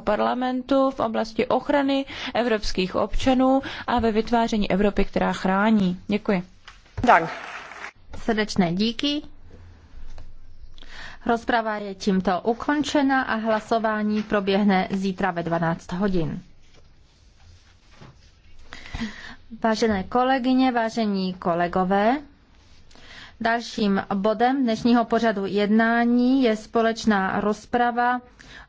parlamentu v oblasti ochrany evropských občanů a ve vytváření Evropy, která chrání. Děkuji. Dank. Srdečné díky. Rozprava je tímto ukončena a hlasování proběhne zítra ve 12 hodin. Vážené kolegyně, vážení kolegové, dalším bodem dnešního pořadu jednání je společná rozprava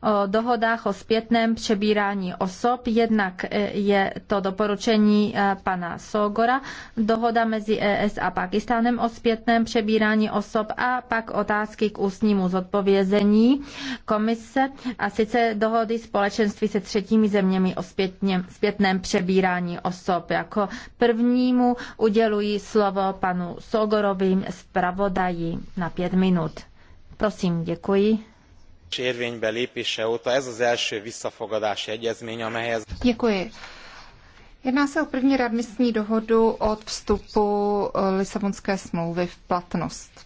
o dohodách o zpětném přebírání osob. Jednak e, je to doporučení e, pana Sogora, dohoda mezi ES a Pakistánem o zpětném přebírání osob a pak otázky k ústnímu zodpovězení komise a sice dohody společenství se třetími zeměmi o zpětně, zpětném přebírání osob. Jako prvnímu uděluji slovo panu Sogorovým zpravodaji na pět minut. Prosím, děkuji érvénybe lépése óta ez az első visszafogadási egyezmény, amelyhez... Děkuji. Jedná se o první radmistní dohodu od vstupu eh, Lisabonské smlouvy v platnost.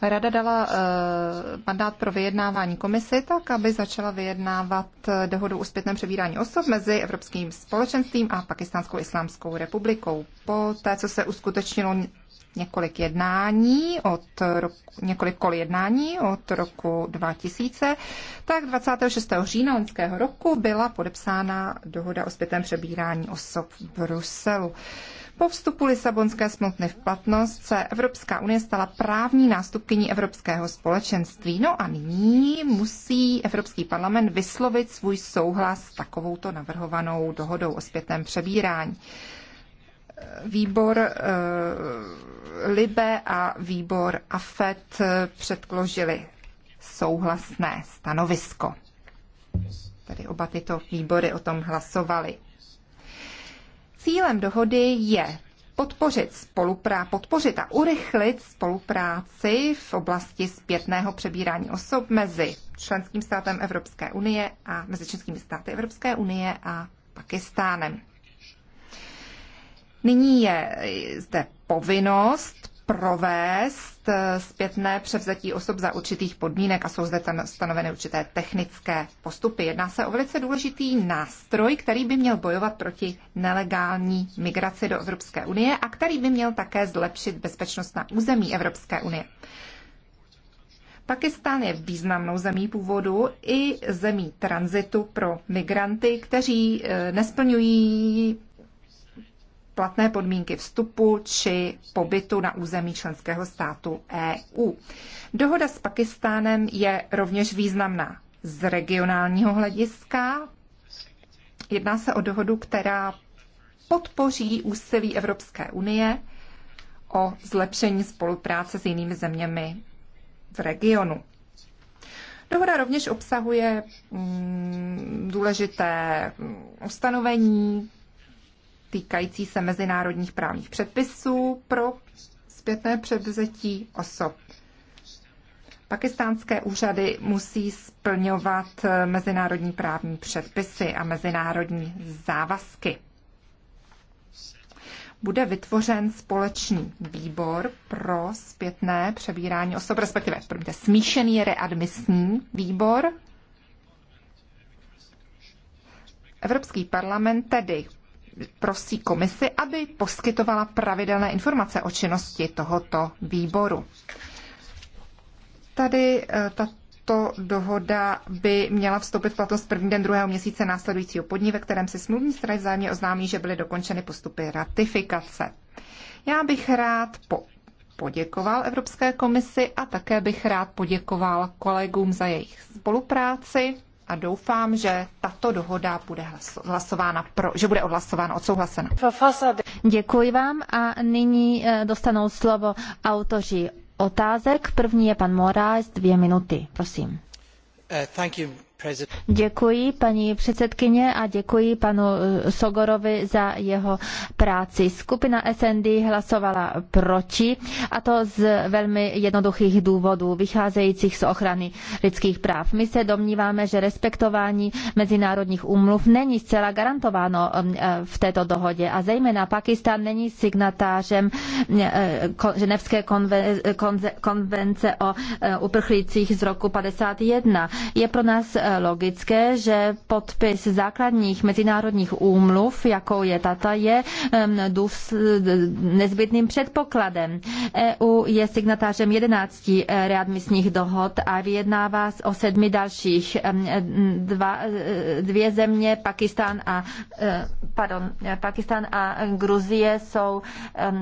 Rada dala eh, mandát pro vyjednávání komisi tak, aby začala vyjednávat eh, dohodu o zpětném přebírání osob mezi Evropským společenstvím a Pakistánskou islámskou republikou. Po té, co se uskutečnilo několik jednání od roku, několik kol jednání od roku 2000, tak 26. října loňského roku byla podepsána dohoda o zpětém přebírání osob v Bruselu. Po vstupu Lisabonské smlouvy v platnost se Evropská unie stala právní nástupkyní Evropského společenství. No a nyní musí Evropský parlament vyslovit svůj souhlas s takovouto navrhovanou dohodou o zpětném přebírání výbor eh, Libe a výbor AFET eh, předložili souhlasné stanovisko. Tady oba tyto výbory o tom hlasovali. Cílem dohody je podpořit, spoluprá, podpořit a urychlit spolupráci v oblasti zpětného přebírání osob mezi členským státem Evropské unie a mezi členskými státy Evropské unie a Pakistánem. Nyní je zde povinnost provést eh, zpětné převzetí osob za určitých podmínek a jsou zde stanoveny určité technické postupy. Jedná se o velice důležitý nástroj, který by měl bojovat proti nelegální migraci do Evropské unie a který by měl také zlepšit bezpečnost na území Evropské unie. Pakistán je významnou zemí původu i zemí tranzitu pro migranty, kteří eh, nesplňují platné podmínky vstupu či pobytu na území členského státu EU. Dohoda s Pakistánem je rovněž významná z regionálního hlediska. Jedná se o dohodu, která podpoří úsilí Evropské unie o zlepšení spolupráce s jinými zeměmi v regionu. Dohoda rovněž obsahuje mm, důležité mm, ustanovení, týkající se mezinárodních právních předpisů pro zpětné převzetí osob. Pakistánské úřady musí splňovat mezinárodní právní předpisy a mezinárodní závazky. Bude vytvořen společný výbor pro zpětné přebírání osob, respektive promiňte, smíšený readmisní výbor. Evropský parlament tedy prosí komisi, aby poskytovala pravidelné informace o činnosti tohoto výboru. Tady e, tato dohoda by měla vstoupit v platnost první den druhého měsíce následujícího podní, ve kterém se smluvní strany vzájemně oznámí, že byly dokončeny postupy ratifikace. Já bych rád po poděkoval Evropské komisi a také bych rád poděkoval kolegům za jejich spolupráci a doufám, že tato dohoda bude hlasována pro, že bude odhlasována, odsouhlasena. Děkuji vám a nyní eh, dostanou slovo autoři otázek. První je pan Morá z dvě minuty. Prosím. Uh, Děkuji paní předsedkyně a děkuji panu eh, Sogorovi za jeho práci. Skupina SND hlasovala proti a to z velmi jednoduchých důvodů vycházejících z ochrany lidských práv. My se domníváme, že respektování mezinárodních úmluv není zcela garantováno mm, eh, v této dohodě a zejména Pakistan není signatářem mm, eh, Ženevské konvence o uprchlících z roku 51. Je pro nás logické, že podpis základních mezinárodních úmluv, jakou je tata, je nezbytným předpokladem. EU je signatářem 11 eh, readmisních dohod a vyjednává o sedmi dalších. Dva, eh, dvě země, Pakistán a, eh, pardon, Pakistán a Gruzie jsou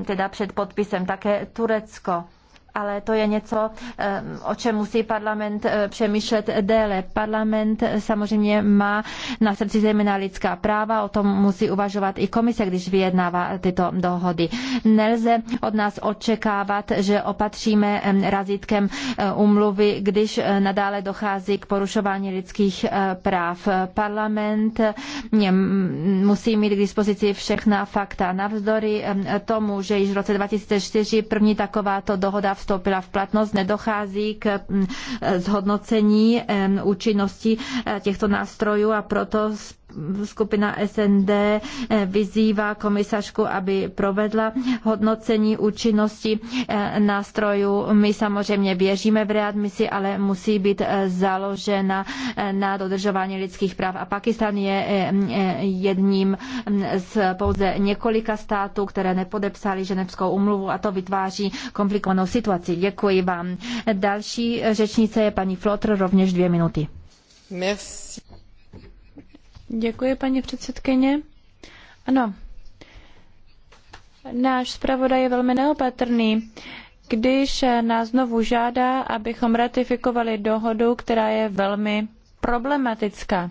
teda před podpisem také Turecko ale to je něco, eh, o čem musí parlament eh, přemýšlet déle. Parlament samozřejmě má na srdci zejména lidská práva, o tom musí uvažovat i komise, když vyjednává tyto dohody. Nelze od nás očekávat, že opatříme razítkem eh, umluvy, když nadále dochází k porušování lidských práv. Parlament musí mít k dispozici všechna fakta. Navzdory tomu, že již v roce 2004 první takováto dohoda v vstoupila v platnost, nedochází k mm, zhodnocení mm, účinnosti eh, těchto nástrojů a proto skupina SND eh, vyzývá komisařku, aby provedla hodnocení účinnosti eh, nástrojů. My samozřejmě věříme v readmisi, ale musí být eh, založena na dodržování lidských práv. A Pakistan je jedním mm, z pouze několika států, které nepodepsali ženevskou umluvu a to vytváří komplikovanou situaci. Děkuji vám. Další řečnice je paní Flotr, rovněž dvě minuty. Merci. Děkuji, paní předsedkyně. Ano, náš zpravodaj je velmi neopatrný, když nás znovu žádá, abychom ratifikovali dohodu, která je velmi problematická.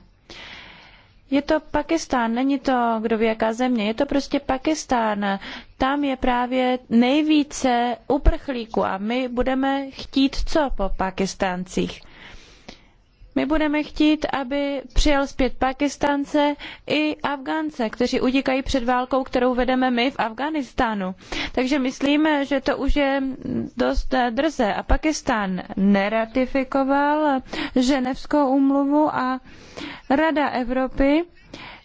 Je to Pakistán, není to kdo ví jaká země, je to prostě Pakistán. Tam je právě nejvíce uprchlíků a my budeme chtít co po Pakistáncích. My budeme chtít, aby přijal zpět Pakistánce i Afgánce, kteří utíkají před válkou, kterou vedeme my v Afghánistánu. Takže myslíme, že to už je dost drze. A Pakistán neratifikoval ženevskou úmluvu a Rada Evropy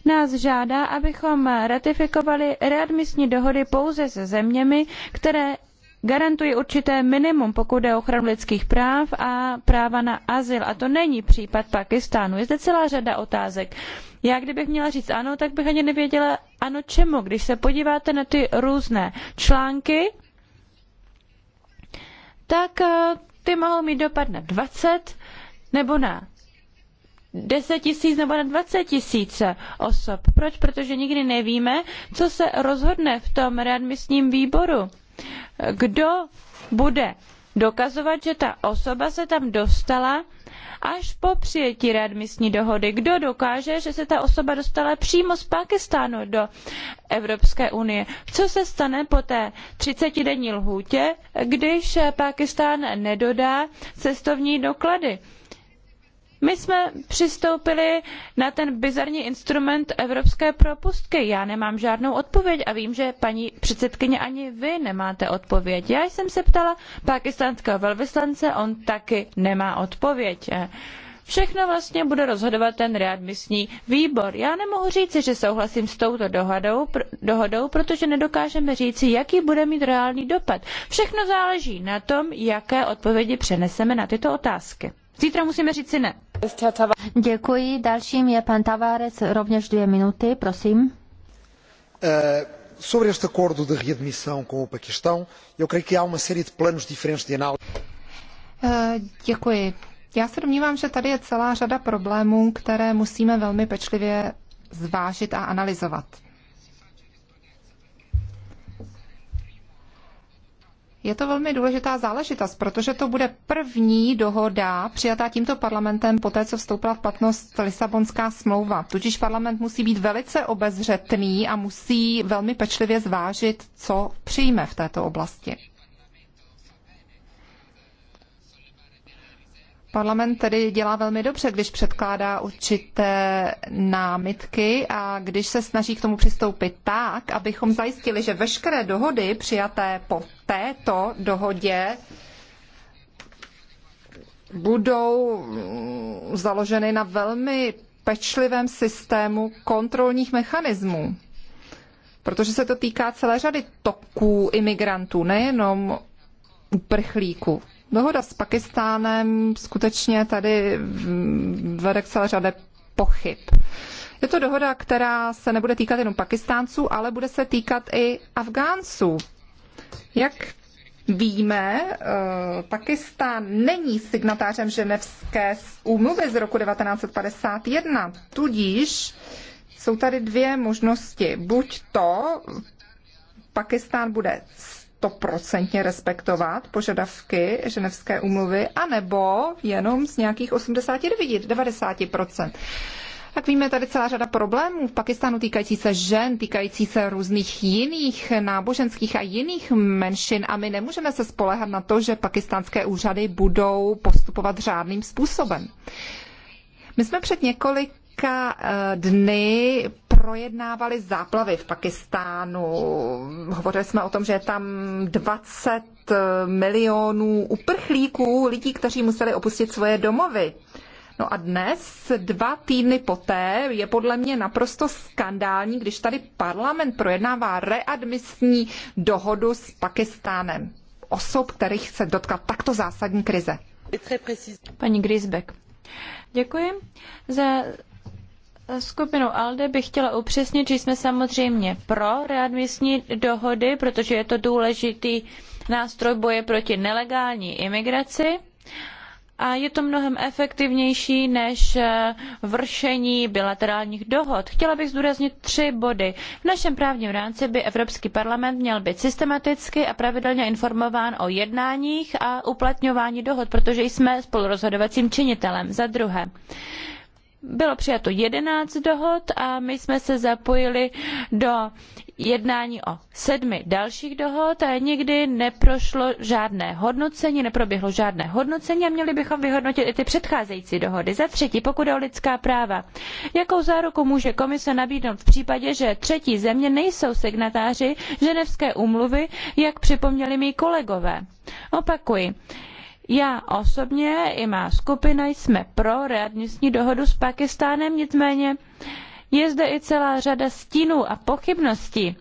nás žádá, abychom ratifikovali readmisní dohody pouze se zeměmi, které garantují určité minimum, pokud jde o ochranu lidských práv a práva na azyl. A to není případ Pakistánu. Je zde celá řada otázek. Já kdybych měla říct ano, tak bych ani nevěděla ano čemu. Když se podíváte na ty různé články, tak eh, ty mohou mít dopad na 20 nebo na 10 tisíc nebo na 20 tisíc osob. Proč? Protože nikdy nevíme, co se rozhodne v tom readmisním výboru kdo bude dokazovat, že ta osoba se tam dostala až po přijetí readmisní dohody. Kdo dokáže, že se ta osoba dostala přímo z Pakistánu do Evropské unie? Co se stane po té 30-denní lhůtě, když Pakistán nedodá cestovní doklady? My jsme přistoupili na ten bizarní instrument evropské propustky. Já nemám žádnou odpověď a vím, že paní předsedkyně ani vy nemáte odpověď. Já jsem se ptala pakistánského velvyslance, on taky nemá odpověď. Všechno vlastně bude rozhodovat ten readmisní výbor. Já nemohu říci, že souhlasím s touto dohodou, pr- dohodou, protože nedokážeme říci, jaký bude mít reálný dopad. Všechno záleží na tom, jaké odpovědi přeneseme na tyto otázky. Zítra musíme říci ne. Děkuji. Dalším je pan Tavares, rovněž dvě minuty, prosím. Uh... sobre este acordo de readmissão com o Paquistão, eu creio que há uma série de planos diferentes de análise. Uh, děkuji. Já se domnívám, že tady je celá řada problémů, které musíme velmi pečlivě zvážit a analyzovat. Je to velmi důležitá záležitost, protože to bude první dohoda přijatá tímto parlamentem poté, co vstoupila v platnost Lisabonská smlouva. Tudíž parlament musí být velice obezřetný a musí velmi pečlivě zvážit, co přijme v této oblasti. Parlament tedy dělá velmi dobře, když předkládá určité námitky a když se snaží k tomu přistoupit tak, abychom zajistili, že veškeré dohody přijaté po této dohodě budou mm, založeny na velmi pečlivém systému kontrolních mechanismů. Protože se to týká celé řady toků imigrantů, nejenom uprchlíků. Dohoda s Pakistánem skutečně tady vede k celé řadě pochyb. Je to dohoda, která se nebude týkat jenom Pakistánců, ale bude se týkat i Afgánců. Jak víme, eh, Pakistán není signatářem ženevské úmluvy z roku 1951, tudíž jsou tady dvě možnosti. Buď to Pakistán bude stoprocentně respektovat požadavky ženevské úmluvy, anebo jenom z nějakých 89, 90%. Tak víme tady celá řada problémů v Pakistánu týkající se žen, týkající se různých jiných náboženských a jiných menšin a my nemůžeme se spolehat na to, že pakistánské úřady budou postupovat řádným způsobem. My jsme před několik několika eh, dny projednávali záplavy v Pakistánu. Hovořili jsme o tom, že je tam 20 eh, milionů uprchlíků, lidí, kteří museli opustit svoje domovy. No a dnes, dva týdny poté, je podle mě naprosto skandální, když tady parlament projednává readmisní dohodu s Pakistánem. Osob, kterých se dotkla takto zásadní krize. Paní Grisbeck, děkuji za skupinu ALDE bych chtěla upřesnit, že jsme samozřejmě pro readmisní dohody, protože je to důležitý nástroj boje proti nelegální imigraci a je to mnohem efektivnější než eh, vršení bilaterálních dohod. Chtěla bych zdůraznit tři body. V našem právním rámci by Evropský parlament měl být systematicky a pravidelně informován o jednáních a uplatňování dohod, protože jsme spolurozhodovacím činitelem. Za druhé, bylo přijato 11 dohod a my jsme se zapojili do jednání o sedmi dalších dohod a nikdy neprošlo žádné hodnocení, neproběhlo žádné hodnocení a měli bychom vyhodnotit i ty předcházející dohody. Za třetí, pokud o lidská práva, jakou záruku může komise nabídnout v případě, že třetí země nejsou signatáři ženevské úmluvy, jak připomněli mý kolegové? Opakuji, já osobně i má skupina jsme pro readmisní dohodu s Pakistánem, nicméně je zde i celá řada stínů a pochybností,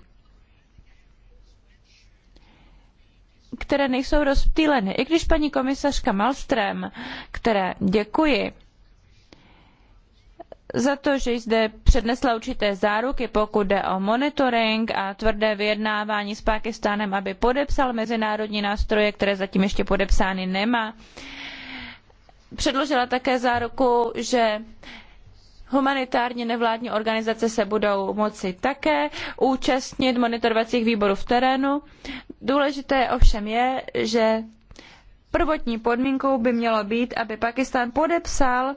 které nejsou rozptýleny. I když paní komisařka Malström, které děkuji, za to, že zde přednesla určité záruky, pokud jde o monitoring a tvrdé vyjednávání s Pákistánem, aby podepsal mezinárodní nástroje, které zatím ještě podepsány nemá. Předložila také záruku, že humanitární nevládní organizace se budou moci také účastnit monitorovacích výborů v terénu. Důležité ovšem je, že prvotní podmínkou by mělo být, aby Pakistán podepsal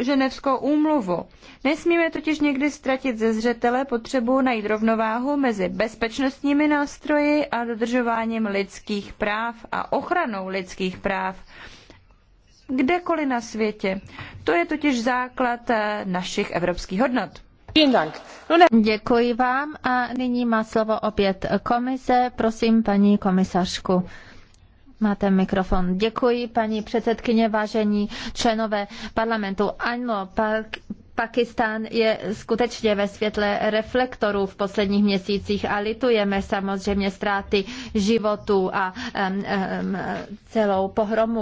ženevskou úmluvu. Nesmíme totiž někdy ztratit ze zřetele potřebu najít rovnováhu mezi bezpečnostními nástroji a dodržováním lidských práv a ochranou lidských práv kdekoliv na světě. To je totiž základ eh, našich evropských hodnot. No Děkuji vám a nyní má slovo opět komise. Prosím, paní komisařku. Máte mikrofon. Děkuji, paní předsedkyně, vážení členové parlamentu. Ano, pak, Pakistán je skutečně ve světle reflektorů v posledních měsících a litujeme samozřejmě ztráty životů a um, um, celou pohromu.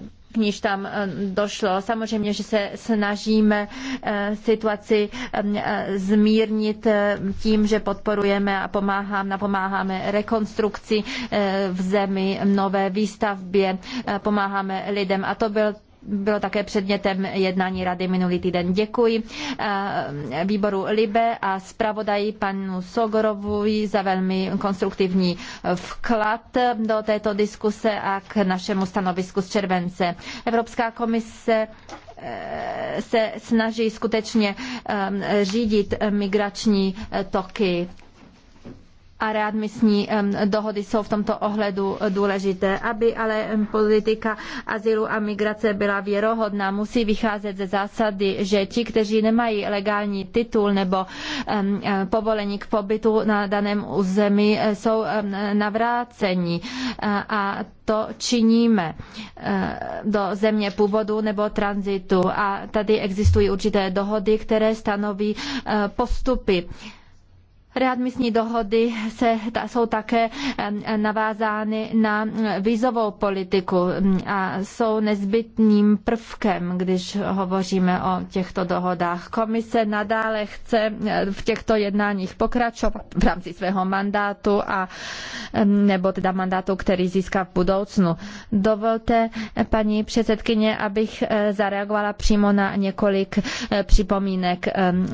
Um, k níž tam eh, došlo. Samozřejmě, že se snažíme eh, situaci eh, zmírnit tím, že podporujeme a pomáháme, napomáháme rekonstrukci v zemi, nové výstavbě, pomáháme lidem. A to byl bylo také předmětem jednání rady minulý týden. Děkuji eh, výboru Libe a zpravodaji panu Sogorovovi za velmi konstruktivní vklad do této diskuse a k našemu stanovisku z července. Evropská komise eh, se snaží skutečně eh, řídit migrační toky a readmisní dohody jsou v tomto ohledu důležité. Aby ale politika azylu a migrace byla věrohodná, musí vycházet ze zásady, že ti, kteří nemají legální titul nebo povolení k pobytu na daném území, e, jsou navráceni e, a to činíme e, do země původu nebo tranzitu. A tady existují určité dohody, které stanoví postupy Readmisní dohody se, ta, jsou také navázány na vízovou politiku a jsou nezbytným prvkem, když hovoříme o těchto dohodách. Komise nadále chce v těchto jednáních pokračovat v rámci svého mandátu a nebo teda mandátu, který získá v budoucnu. Dovolte, paní předsedkyně, abych eh, zareagovala přímo na několik eh, připomínek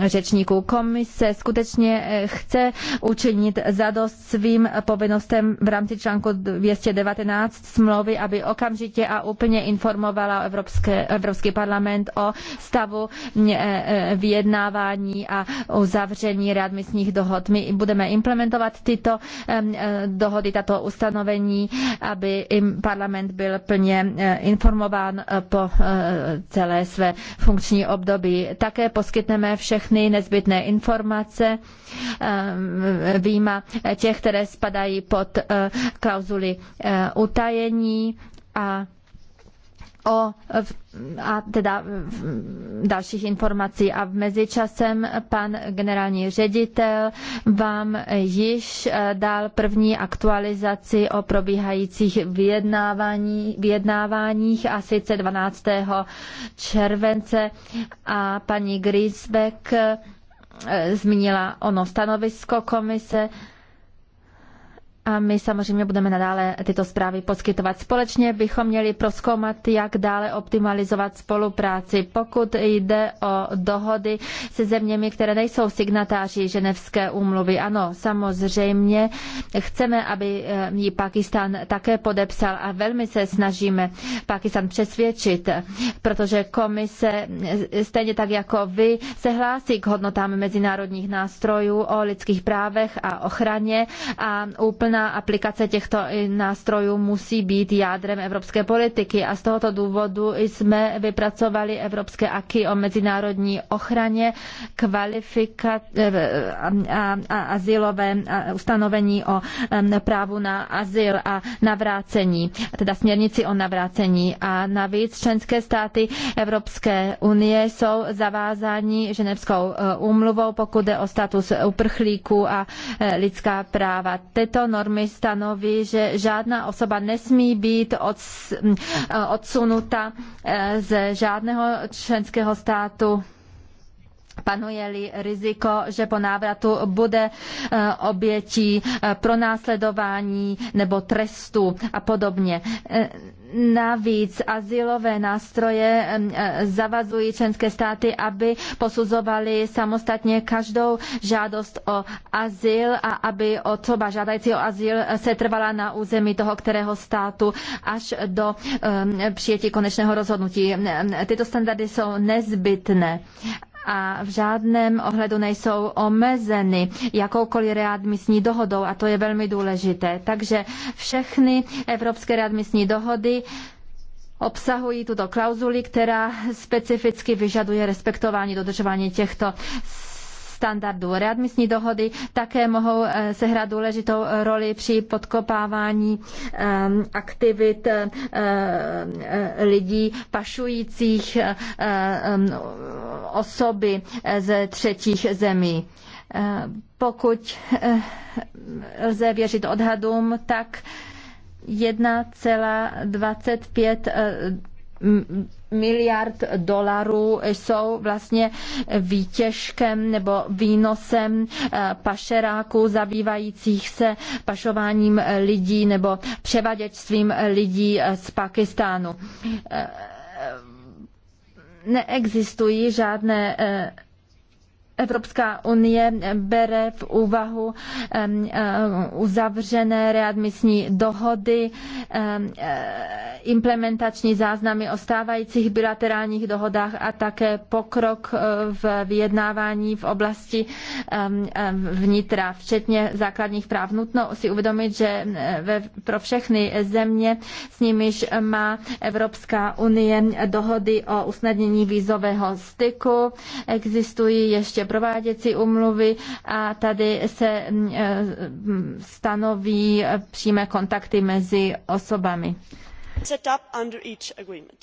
řečníků. Komise skutečně chce eh, chce učinit zadost svým povinnostem v rámci článku 219 smlouvy, aby okamžitě a úplně informovala Evropské, Evropský parlament o stavu eh, eh, vyjednávání a uzavření readmisních dohod. My budeme implementovat tyto eh, dohody, tato ustanovení, aby parlament byl plně informován po celé své funkční období. Také poskytneme všechny nezbytné informace Eh, výjima těch, které spadají pod eh, klauzuly eh, utajení a o a teda dalších informací. A v mezičasem pan generální ředitel vám již dal první aktualizaci o probíhajících vyjednávání, vyjednáváních a sice 12. července a paní Grisbeck E, zmínila ono stanovisko komise a my samozřejmě budeme nadále tyto zprávy poskytovat. Společně bychom měli proskoumat, jak dále optimalizovat spolupráci, pokud jde o dohody se zeměmi, které nejsou signatáři Ženevské úmluvy. Ano, samozřejmě chceme, aby eh, ji Pakistan také podepsal a velmi se snažíme Pakistan přesvědčit, protože komise eh, stejně tak jako vy se hlásí k hodnotám mezinárodních nástrojů o lidských právech a ochraně a úplná Účinná aplikace těchto nástrojů musí být jádrem evropské politiky a z tohoto důvodu jsme vypracovali Evropské aky o mezinárodní ochraně, kvalifika eh, a, a azylové ustanovení o právu na azyl a navrácení, teda směrnici o navrácení. A navíc členské státy Evropské unie jsou zavázáni ženevskou eh, úmluvou, pokud jde o status uprchlíků a eh, lidská práva. Tyto normy normy stanoví, že žádná osoba nesmí být odsunuta eh, ze žádného členského státu panuje-li riziko, že po návratu bude e, obětí e, pronásledování nebo trestu a podobně. E, navíc azylové nástroje zavazují členské státy, aby posuzovali samostatně každou žádost o azyl a aby osoba žádající o azyl se trvala na území toho, kterého státu až do přijetí konečného rozhodnutí. Tyto standardy jsou nezbytné a v žádném ohledu nejsou omezeny jakoukoliv readmisní dohodou a to je velmi důležité. Takže všechny evropské readmisní dohody obsahují tuto klauzuli, která specificky vyžaduje respektování dodržování těchto standardů. Readmisní dohody také mohou eh, sehrát důležitou roli při podkopávání ehm, aktivit eh, eh, lidí pašujících ehm, osoby ze třetích zemí. Pokud lze věřit odhadům, tak 1,25 miliard dolarů jsou vlastně výtěžkem nebo výnosem eh, pašeráků zabývajících se pašováním lidí nebo převaděčstvím lidí eh, z Pakistánu. Eh, neexistují žádné Evropská unie bere v úvahu eh, uzavřené readmisní dohody, eh, implementační záznamy o stávajících bilaterálních dohodách a také pokrok eh, v vyjednávání v oblasti vnitra, včetně základních práv. Nutno si uvědomit, že pro všechny země, s nimiž má Evropská unie dohody o usnadnění vízového styku, existují ještě prováděcí umluvy a tady se mm, e, stanoví e, přímé kontakty mezi osobami. Set up under each agreement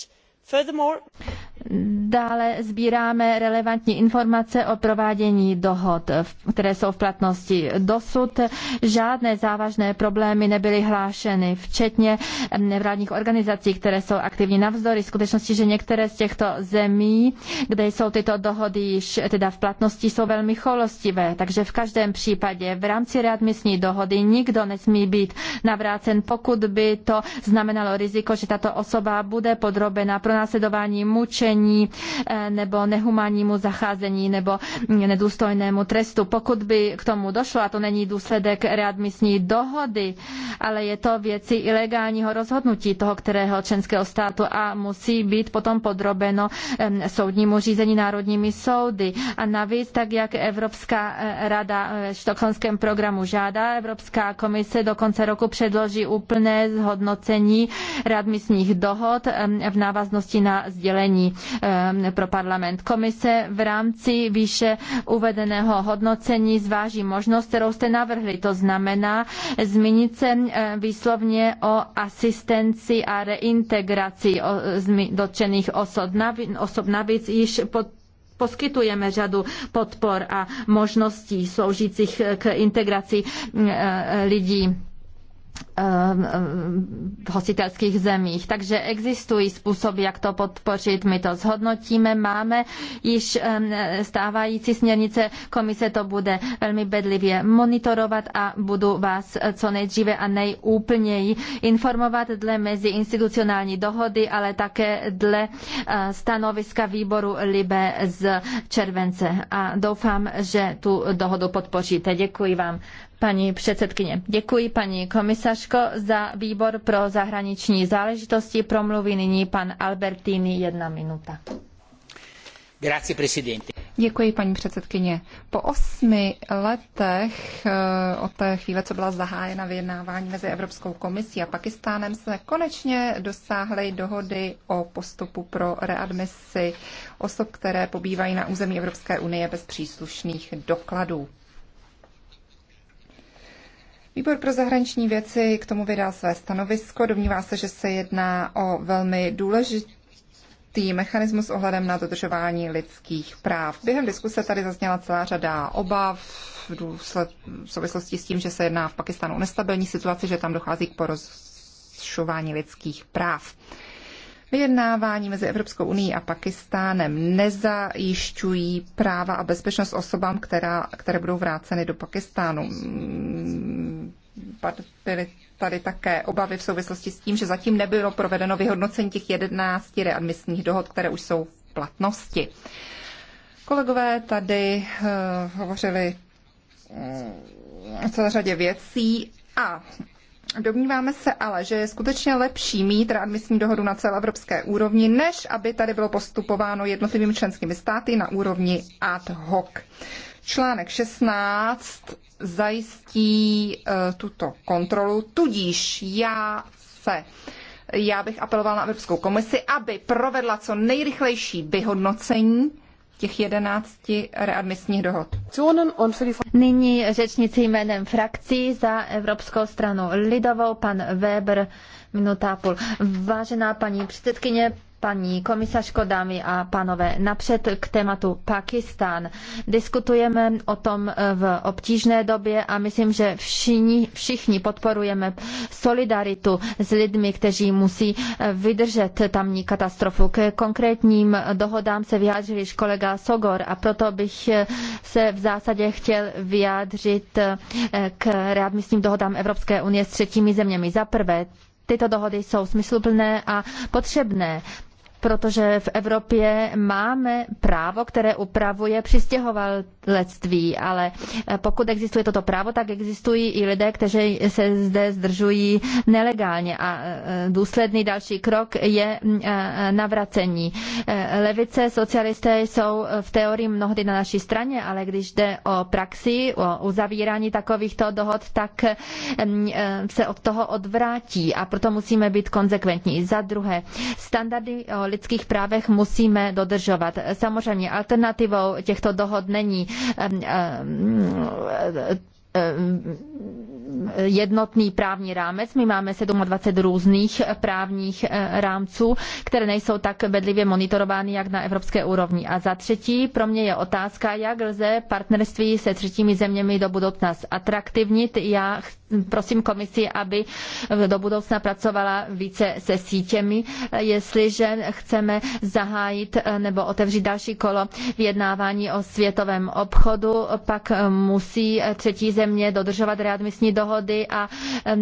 Dále sbíráme relevantní informace o provádění dohod, které jsou v platnosti. Dosud žádné závažné problémy nebyly hlášeny, včetně nevládních organizací, které jsou aktivní navzdory skutečnosti, že některé z těchto zemí, kde jsou tyto dohody již teda v platnosti, jsou velmi cholostivé. Takže v každém případě v rámci readmisní dohody nikdo nesmí být navrácen, pokud by to znamenalo riziko, že tato osoba bude podrobena pro pronásledování, mučení eh, nebo nehumánnímu zacházení nebo nedůstojnému trestu. Pokud by k tomu došlo, a to není důsledek readmisní dohody, ale je to věci ilegálního rozhodnutí toho, kterého členského státu a musí být potom podrobeno soudnímu řízení národními soudy. A navíc, tak jak Evropská eh, rada eh, v štokholmském programu žádá, Evropská komise do konce roku předloží úplné zhodnocení readmisních dohod v návaznosti návaznosti na sdělení ehm, pro parlament. Komise v rámci výše uvedeného hodnocení zváží možnost, kterou jste navrhli. To znamená zmínit se ehm, výslovně o asistenci a reintegraci dotčených osob. Navíc již pod poskytujeme řadu podpor a možností sloužících k integraci ehm, lidí v hostitelských zemích. Takže existují způsoby, jak to podpořit. My to zhodnotíme, máme již stávající směrnice, komise to bude velmi bedlivě monitorovat a budu vás co nejdříve a nejúplněji informovat dle meziinstitucionální dohody, ale také dle eh, stanoviska výboru Libe z července. A doufám, že tu dohodu podpoříte. Děkuji vám paní předsedkyně. Děkuji paní komisařko za výbor pro zahraniční záležitosti. Promluví nyní pan Albertini jedna minuta. Děkuji, paní předsedkyně. Po osmi letech eh, od té chvíle, co byla zahájena vyjednávání mezi Evropskou komisí a Pakistánem, se konečně dosáhly dohody o postupu pro readmisi osob, které pobývají na území Evropské unie bez příslušných dokladů. Výbor pro zahraniční věci k tomu vydal své stanovisko. Domnívá se, že se jedná o velmi důležitý mechanismus ohledem na dodržování lidských práv. Během diskuse tady zazněla celá řada obav v, důsled, v souvislosti s tím, že se jedná v Pakistanu o nestabilní situaci, že tam dochází k porozšování lidských práv. Vyjednávání mezi Evropskou uní a Pakistánem nezajišťují práva a bezpečnost osobám, která, které budou vráceny do Pakistánu. Byly tady také obavy v souvislosti s tím, že zatím nebylo provedeno vyhodnocení těch 11 readmisních dohod, které už jsou v platnosti. Kolegové tady uh, hovořili mm, o celé řadě věcí a Domníváme se ale, že je skutečně lepší mít readmisní dohodu na celoevropské úrovni, než aby tady bylo postupováno jednotlivými členskými státy na úrovni ad hoc. Článek 16 zajistí e, tuto kontrolu, tudíž já se já bych apeloval na Evropskou komisi, aby provedla co nejrychlejší vyhodnocení těch jedenácti readmisních dohod. Nyní řečnici jménem frakcí za Evropskou stranu lidovou, pan Weber, minuta půl. Vážená paní předsedkyně, Paní komisařko, dámy a pánové, napřed k tématu Pakistán. Diskutujeme o tom eh, v obtížné době a myslím, že všichni, všichni podporujeme solidaritu s lidmi, kteří musí eh, vydržet tamní katastrofu. K konkrétním dohodám se vyjádřil již kolega Sogor a proto bych eh, se v zásadě chtěl vyjádřit k readmisním dohodám Evropské unie s třetími zeměmi. Za prvé, Tyto dohody jsou smysluplné a potřebné protože v Evropě máme právo, které upravuje přistěhovalectví, ale eh, pokud existuje toto právo, tak existují i lidé, kteří se zde zdržují nelegálně a eh, důsledný další krok je mm, eh, navracení. Levice, socialisté jsou v teorii mnohdy na naší straně, ale když jde o praxi, o uzavírání takovýchto dohod, tak mm, se od toho odvrátí a proto musíme být konzekventní. Za druhé, standardy o lidských právech musíme dodržovat. Samozřejmě alternativou těchto dohod není jednotný právní rámec. My máme 27 různých právních eh, rámců, které nejsou tak bedlivě monitorovány jak na evropské úrovni. A za třetí, pro mě je otázka, jak lze partnerství se třetími zeměmi do budoucna zatraktivnit. Já chci prosím komisi, aby do budoucna pracovala více se sítěmi, jestliže chceme zahájit eh, nebo otevřít další kolo vyjednávání o světovém obchodu, pak musí eh, třetí země dodržovat readmisní dohody a eh,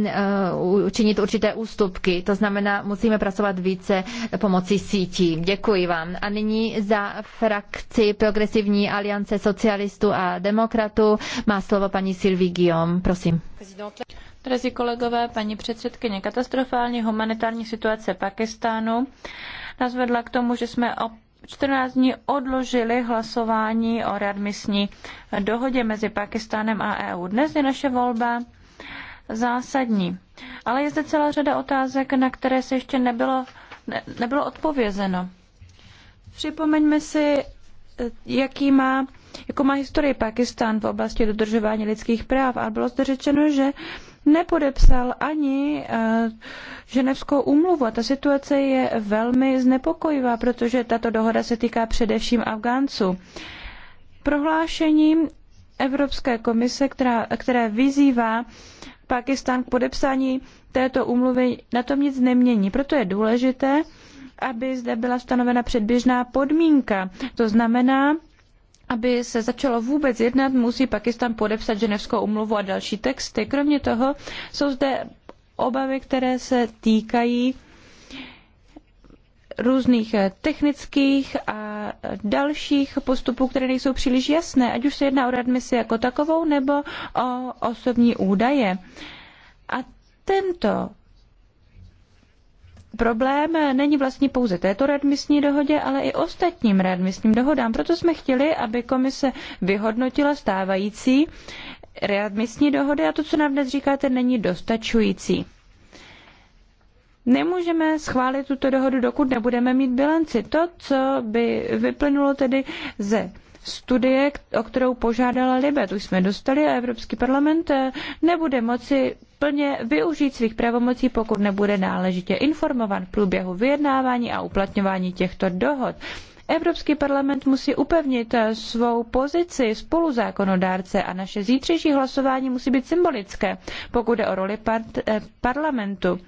učinit určité ústupky. To znamená, musíme pracovat více pomocí sítí. Děkuji vám. A nyní za frakci Progresivní aliance socialistů a demokratů má slovo paní Sylvie Guillaume. Prosím. Prezident. Drazí kolegové, paní předsedkyně, katastrofální humanitární situace Pakistánu nás vedla k tomu, že jsme o 14 dní odložili hlasování o readmisní dohodě mezi Pakistánem a EU. Dnes je naše volba zásadní. Ale je zde celá řada otázek, na které se ještě nebylo, ne, nebylo odpovězeno. Připomeňme si, jaký má jako má historii Pakistán v oblasti dodržování lidských práv. A bylo zde řečeno, že nepodepsal ani eh, ženevskou úmluvu. A ta situace je velmi znepokojivá, protože tato dohoda se týká především Afgánců. Prohlášením Evropské komise, která, které vyzývá Pakistán k podepsání této úmluvy, na tom nic nemění. Proto je důležité, aby zde byla stanovena předběžná podmínka. To znamená, aby se začalo vůbec jednat, musí Pakistan podepsat ženevskou umluvu a další texty. Kromě toho jsou zde obavy, které se týkají různých technických a dalších postupů, které nejsou příliš jasné, ať už se jedná o readmisi jako takovou nebo o osobní údaje. A tento problém není vlastně pouze této readmisní dohodě, ale i ostatním readmisním dohodám. Proto jsme chtěli, aby komise vyhodnotila stávající readmisní dohody a to, co nám dnes říkáte, není dostačující. Nemůžeme schválit tuto dohodu, dokud nebudeme mít bilanci. To, co by vyplynulo tedy ze studie, o kterou požádala Libet, už jsme dostali a Evropský parlament eh, nebude moci plně využít svých pravomocí, pokud nebude náležitě informovan v průběhu vyjednávání a uplatňování těchto dohod. Evropský parlament musí upevnit svou pozici spoluzákonodárce a naše zítřejší hlasování musí být symbolické, pokud jde o roli eh, parlamentu.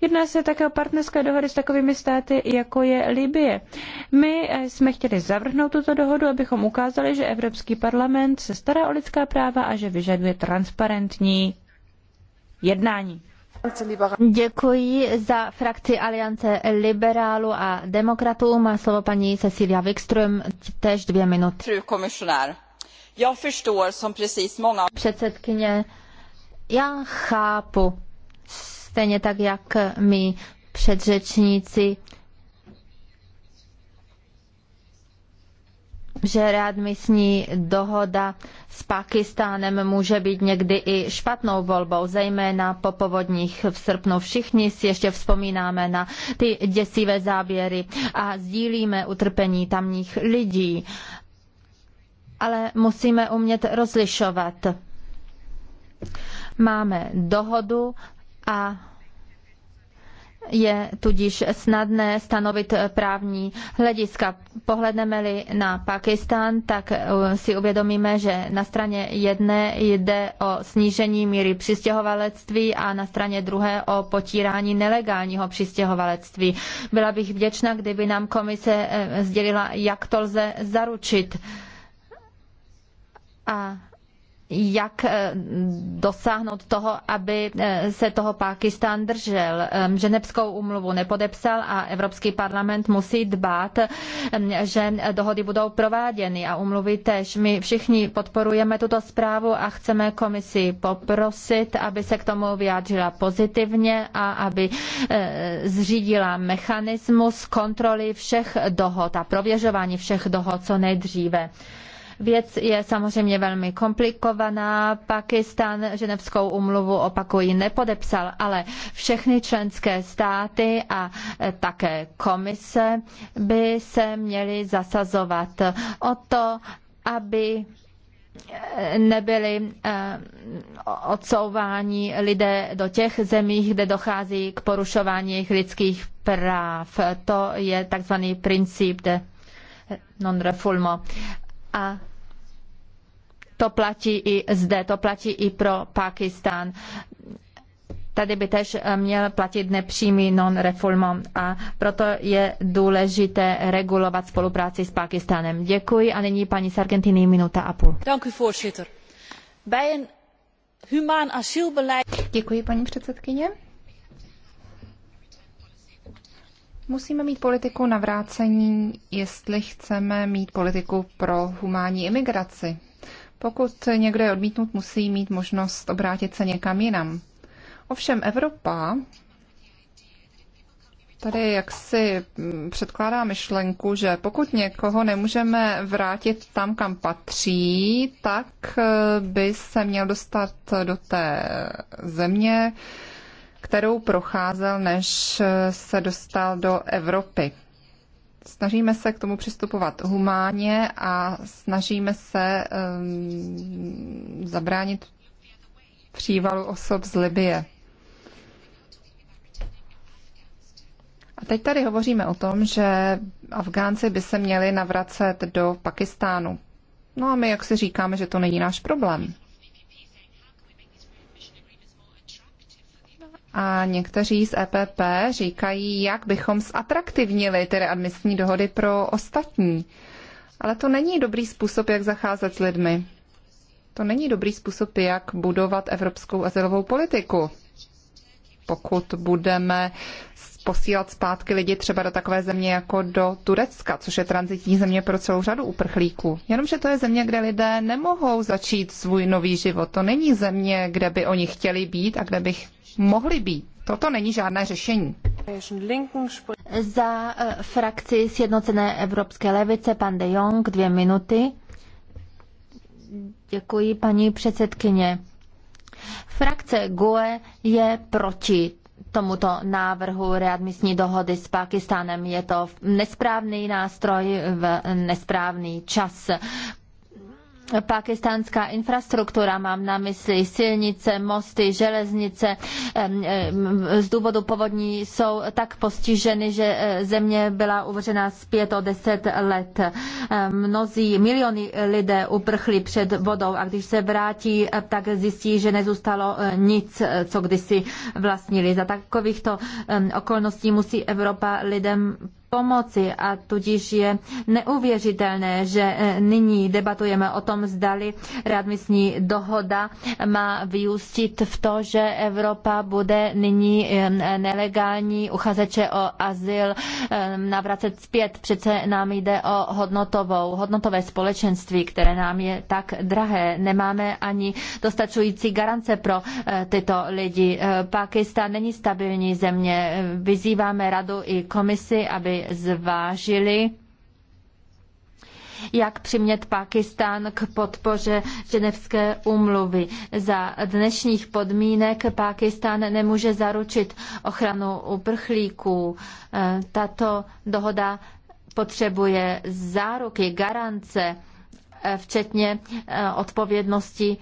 Jedná se také o partnerské dohody s takovými státy, jako je Libie. My eh, jsme chtěli zavrhnout tuto dohodu, abychom ukázali, že Evropský parlament se stará o lidská práva a že vyžaduje transparentní jednání. Děkuji za frakci Aliance liberálu a demokratů. Má slovo paní Cecilia Wikström, tež dvě minuty. Předsedkyně, já chápu, stejně tak, jak my předřečníci, že readmisní dohoda s Pakistánem může být někdy i špatnou volbou, zejména po povodních v srpnu. Všichni si ještě vzpomínáme na ty děsivé záběry a sdílíme utrpení tamních lidí. Ale musíme umět rozlišovat. Máme dohodu a je tudíž snadné stanovit eh, právní hlediska. Pohledneme-li na Pakistán, tak eh, si uvědomíme, že na straně jedné jde o snížení míry přistěhovalectví a na straně druhé o potírání nelegálního přistěhovalectví. Byla bych vděčná, kdyby nám komise eh, sdělila, jak to lze zaručit. A jak eh, dosáhnout toho, aby eh, se toho Pákistán držel. Eh, Ženevskou umluvu nepodepsal a Evropský parlament musí dbát, že dohody budou prováděny a umluvy tež. My všichni podporujeme tuto zprávu a chceme komisi poprosit, aby se k tomu vyjádřila pozitivně a aby zřídila mechanismus kontroly všech dohod a prověřování všech dohod co nejdříve. Věc je samozřejmě velmi komplikovaná. Pakistan ženevskou umluvu opakují nepodepsal, ale všechny členské státy a e, také komise by se měly zasazovat o to, aby e, nebyli e, odsouváni lidé do těch zemí, kde dochází k porušování jejich lidských práv. To je takzvaný princip de non refulmo. A to platí i zde, to platí i pro Pakistán. Tady by tež eh, měl platit nepřímý non-refoulement a proto je důležité regulovat spolupráci s Pakistánem. Děkuji a nyní paní Sargentini minuta a půl. Děkuji, paní předsedkyně. Musíme mít politiku navrácení, jestli chceme mít politiku pro humánní imigraci. Pokud někdo je odmítnut, musí mít možnost obrátit se někam jinam. Ovšem Evropa tady jaksi mm, předkládá myšlenku, že pokud někoho nemůžeme vrátit tam, kam patří, tak eh, by se měl dostat do té země, kterou procházel, než eh, se dostal do Evropy snažíme se k tomu přistupovat humánně a snažíme se um, zabránit přívalu osob z Libie. A teď tady hovoříme o tom, že Afgánci by se měli navracet do Pakistánu. No a my jak si říkáme, že to není náš problém. A někteří z EPP říkají, jak bychom zatraktivnili ty readmisní dohody pro ostatní. Ale to není dobrý způsob, jak zacházet s lidmi. To není dobrý způsob, jak budovat evropskou azylovou politiku. Pokud budeme posílat zpátky lidi třeba do takové země jako do Turecka, což je transitní země pro celou řadu uprchlíků. Jenomže to je země, kde lidé nemohou začít svůj nový život. To není země, kde by oni chtěli být a kde bych mohly být. Toto není žádné řešení. Za eh, frakci Sjednocené evropské levice pan De Jong dvě minuty. Děkuji, paní předsedkyně. Frakce GUE je proti tomuto návrhu readmisní dohody s Pakistánem. Je to nesprávný nástroj v nesprávný čas pakistánská infrastruktura, mám na mysli silnice, mosty, železnice, z důvodu povodní jsou tak postiženy, že eh, země byla uvržena zpět o deset let. Mnozí miliony lidé uprchli před vodou a když se vrátí, tak zjistí, že nezůstalo eh, nic, eh, co kdysi vlastnili. Za takovýchto okolností musí Evropa lidem pomoci a tudíž je neuvěřitelné, že eh, nyní debatujeme o tom, zdali readmisní dohoda má vyústit v to, že Evropa bude nyní eh, nelegální uchazeče o azyl eh, navracet zpět. Přece nám jde o hodnotovou, hodnotové společenství, které nám je tak drahé. Nemáme ani dostačující garance pro tyto lidi. Pakistan není stabilní země. Vyzýváme radu i komisi, aby zvážili, jak přimět Pakistán k podpoře ženevské umluvy. Za dnešních podmínek Pakistán nemůže zaručit ochranu uprchlíků. E, tato dohoda potřebuje záruky, garance, e, včetně e, odpovědnosti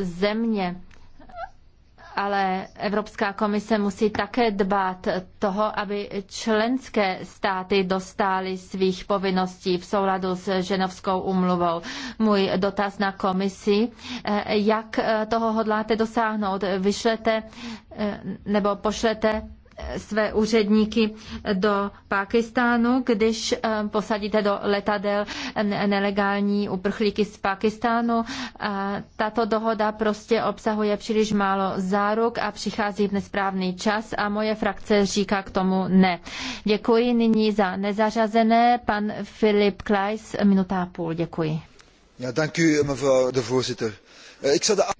země ale Evropská komise musí také dbát toho, aby členské státy dostály svých povinností v souladu s ženovskou umluvou. Můj dotaz na komisi, eh, jak eh, toho hodláte dosáhnout? Vyšlete eh, nebo pošlete své úředníky do Pákistánu, když eh, posadíte do letadel nelegální uprchlíky z Pákistánu. Tato dohoda prostě obsahuje příliš málo záruk a přichází v nesprávný čas a moje frakce říká k tomu ne. Děkuji nyní za nezařazené. Pan Filip Kleis, minuta a půl. Děkuji. Eh,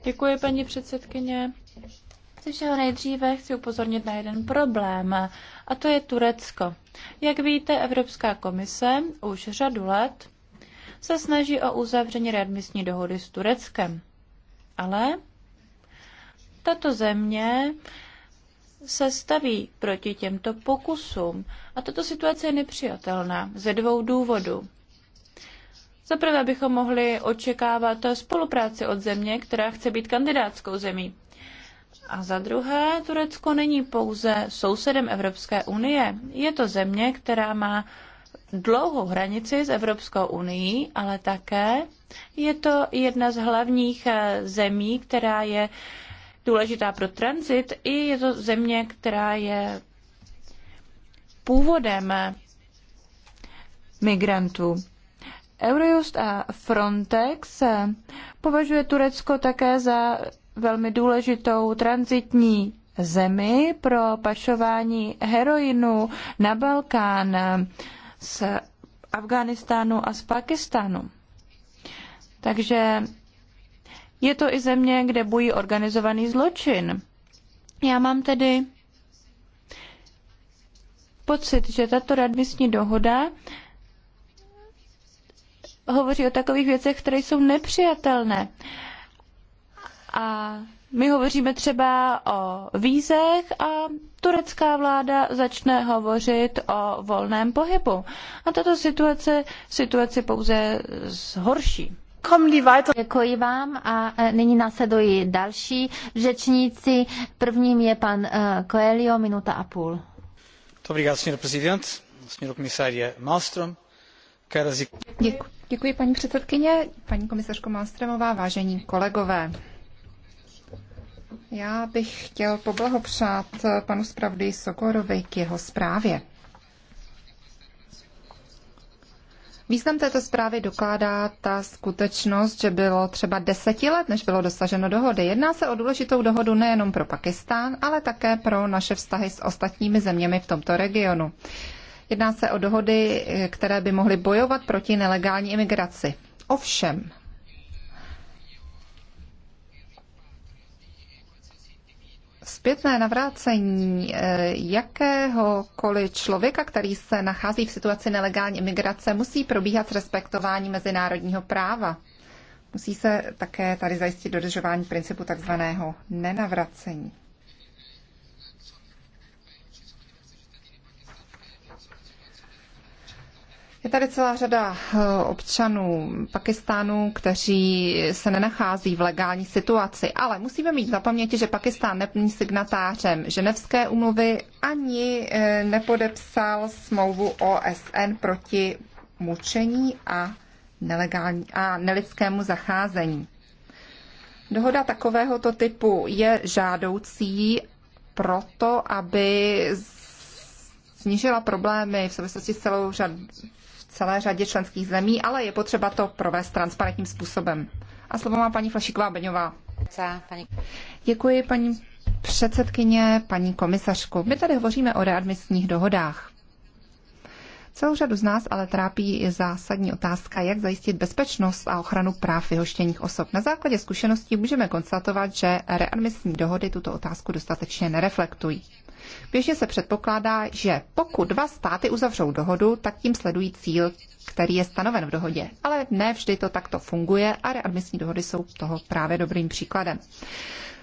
Děkuji, paní předsedkyně. Ze všeho nejdříve chci upozornit na jeden problém, a to je Turecko. Jak víte, Evropská komise už řadu let se snaží o uzavření readmisní dohody s Tureckem. Ale tato země se staví proti těmto pokusům. A tato situace je nepřijatelná ze dvou důvodů. Za prvé bychom mohli očekávat spolupráci od země, která chce být kandidátskou zemí. A za druhé, Turecko není pouze sousedem Evropské unie. Je to země, která má dlouhou hranici s Evropskou unii, ale také je to jedna z hlavních eh, zemí, která je důležitá pro transit. i je to země, která je původem eh, migrantů. Eurojust a Frontex eh, považuje Turecko také za velmi důležitou transitní zemi pro pašování heroinu na Balkán z Afganistánu a z Pakistánu. Takže je to i země, kde bují organizovaný zločin. Já mám tedy pocit, že tato radmistní dohoda hovoří o takových věcech, které jsou nepřijatelné. A my hovoříme třeba o vízech a turecká vláda začne hovořit o volném pohybu. A tato situace situaci pouze zhorší. Děkuji vám a e, nyní následují další řečníci. Prvním je pan e, Coelho, minuta a půl. Děkuji, paní předsedkyně, paní komisařko Malmströmová, vážení kolegové já bych chtěl poblahopřát panu zpravdy Sokorovi k jeho zprávě. Význam této zprávy dokládá ta skutečnost, že bylo třeba deseti let, než bylo dosaženo dohody. Jedná se o důležitou dohodu nejenom pro Pakistán, ale také pro naše vztahy s ostatními zeměmi v tomto regionu. Jedná se o dohody, které by mohly bojovat proti nelegální imigraci. Ovšem, zpětné navrácení eh, jakéhokoliv člověka, který se nachází v situaci nelegální imigrace, musí probíhat s respektováním mezinárodního práva. Musí se také tady zajistit dodržování principu takzvaného nenavracení. Je tady celá řada eh, občanů Pakistánu, kteří se nenachází v legální situaci, ale musíme mít na paměti, že Pakistán není signatářem Ženevské umluvy ani eh, nepodepsal smlouvu OSN proti mučení a, nelegální, a nelidskému zacházení. Dohoda takovéhoto typu je žádoucí proto, aby snížila problémy v souvislosti s celou řadou celé řadě členských zemí, ale je potřeba to provést transparentním způsobem. A slovo má paní Flašiková Beňová. Děkuji, paní předsedkyně, paní komisařku. My tady hovoříme o readmisních dohodách. Celou řadu z nás ale trápí i zásadní otázka, jak zajistit bezpečnost a ochranu práv vyhoštěných osob. Na základě zkušeností můžeme konstatovat, že readmisní dohody tuto otázku dostatečně nereflektují. Běžně se předpokládá, že pokud dva státy uzavřou dohodu, tak tím sledují cíl, který je stanoven v dohodě. Ale ne vždy to takto funguje a readmisní dohody jsou toho právě dobrým příkladem.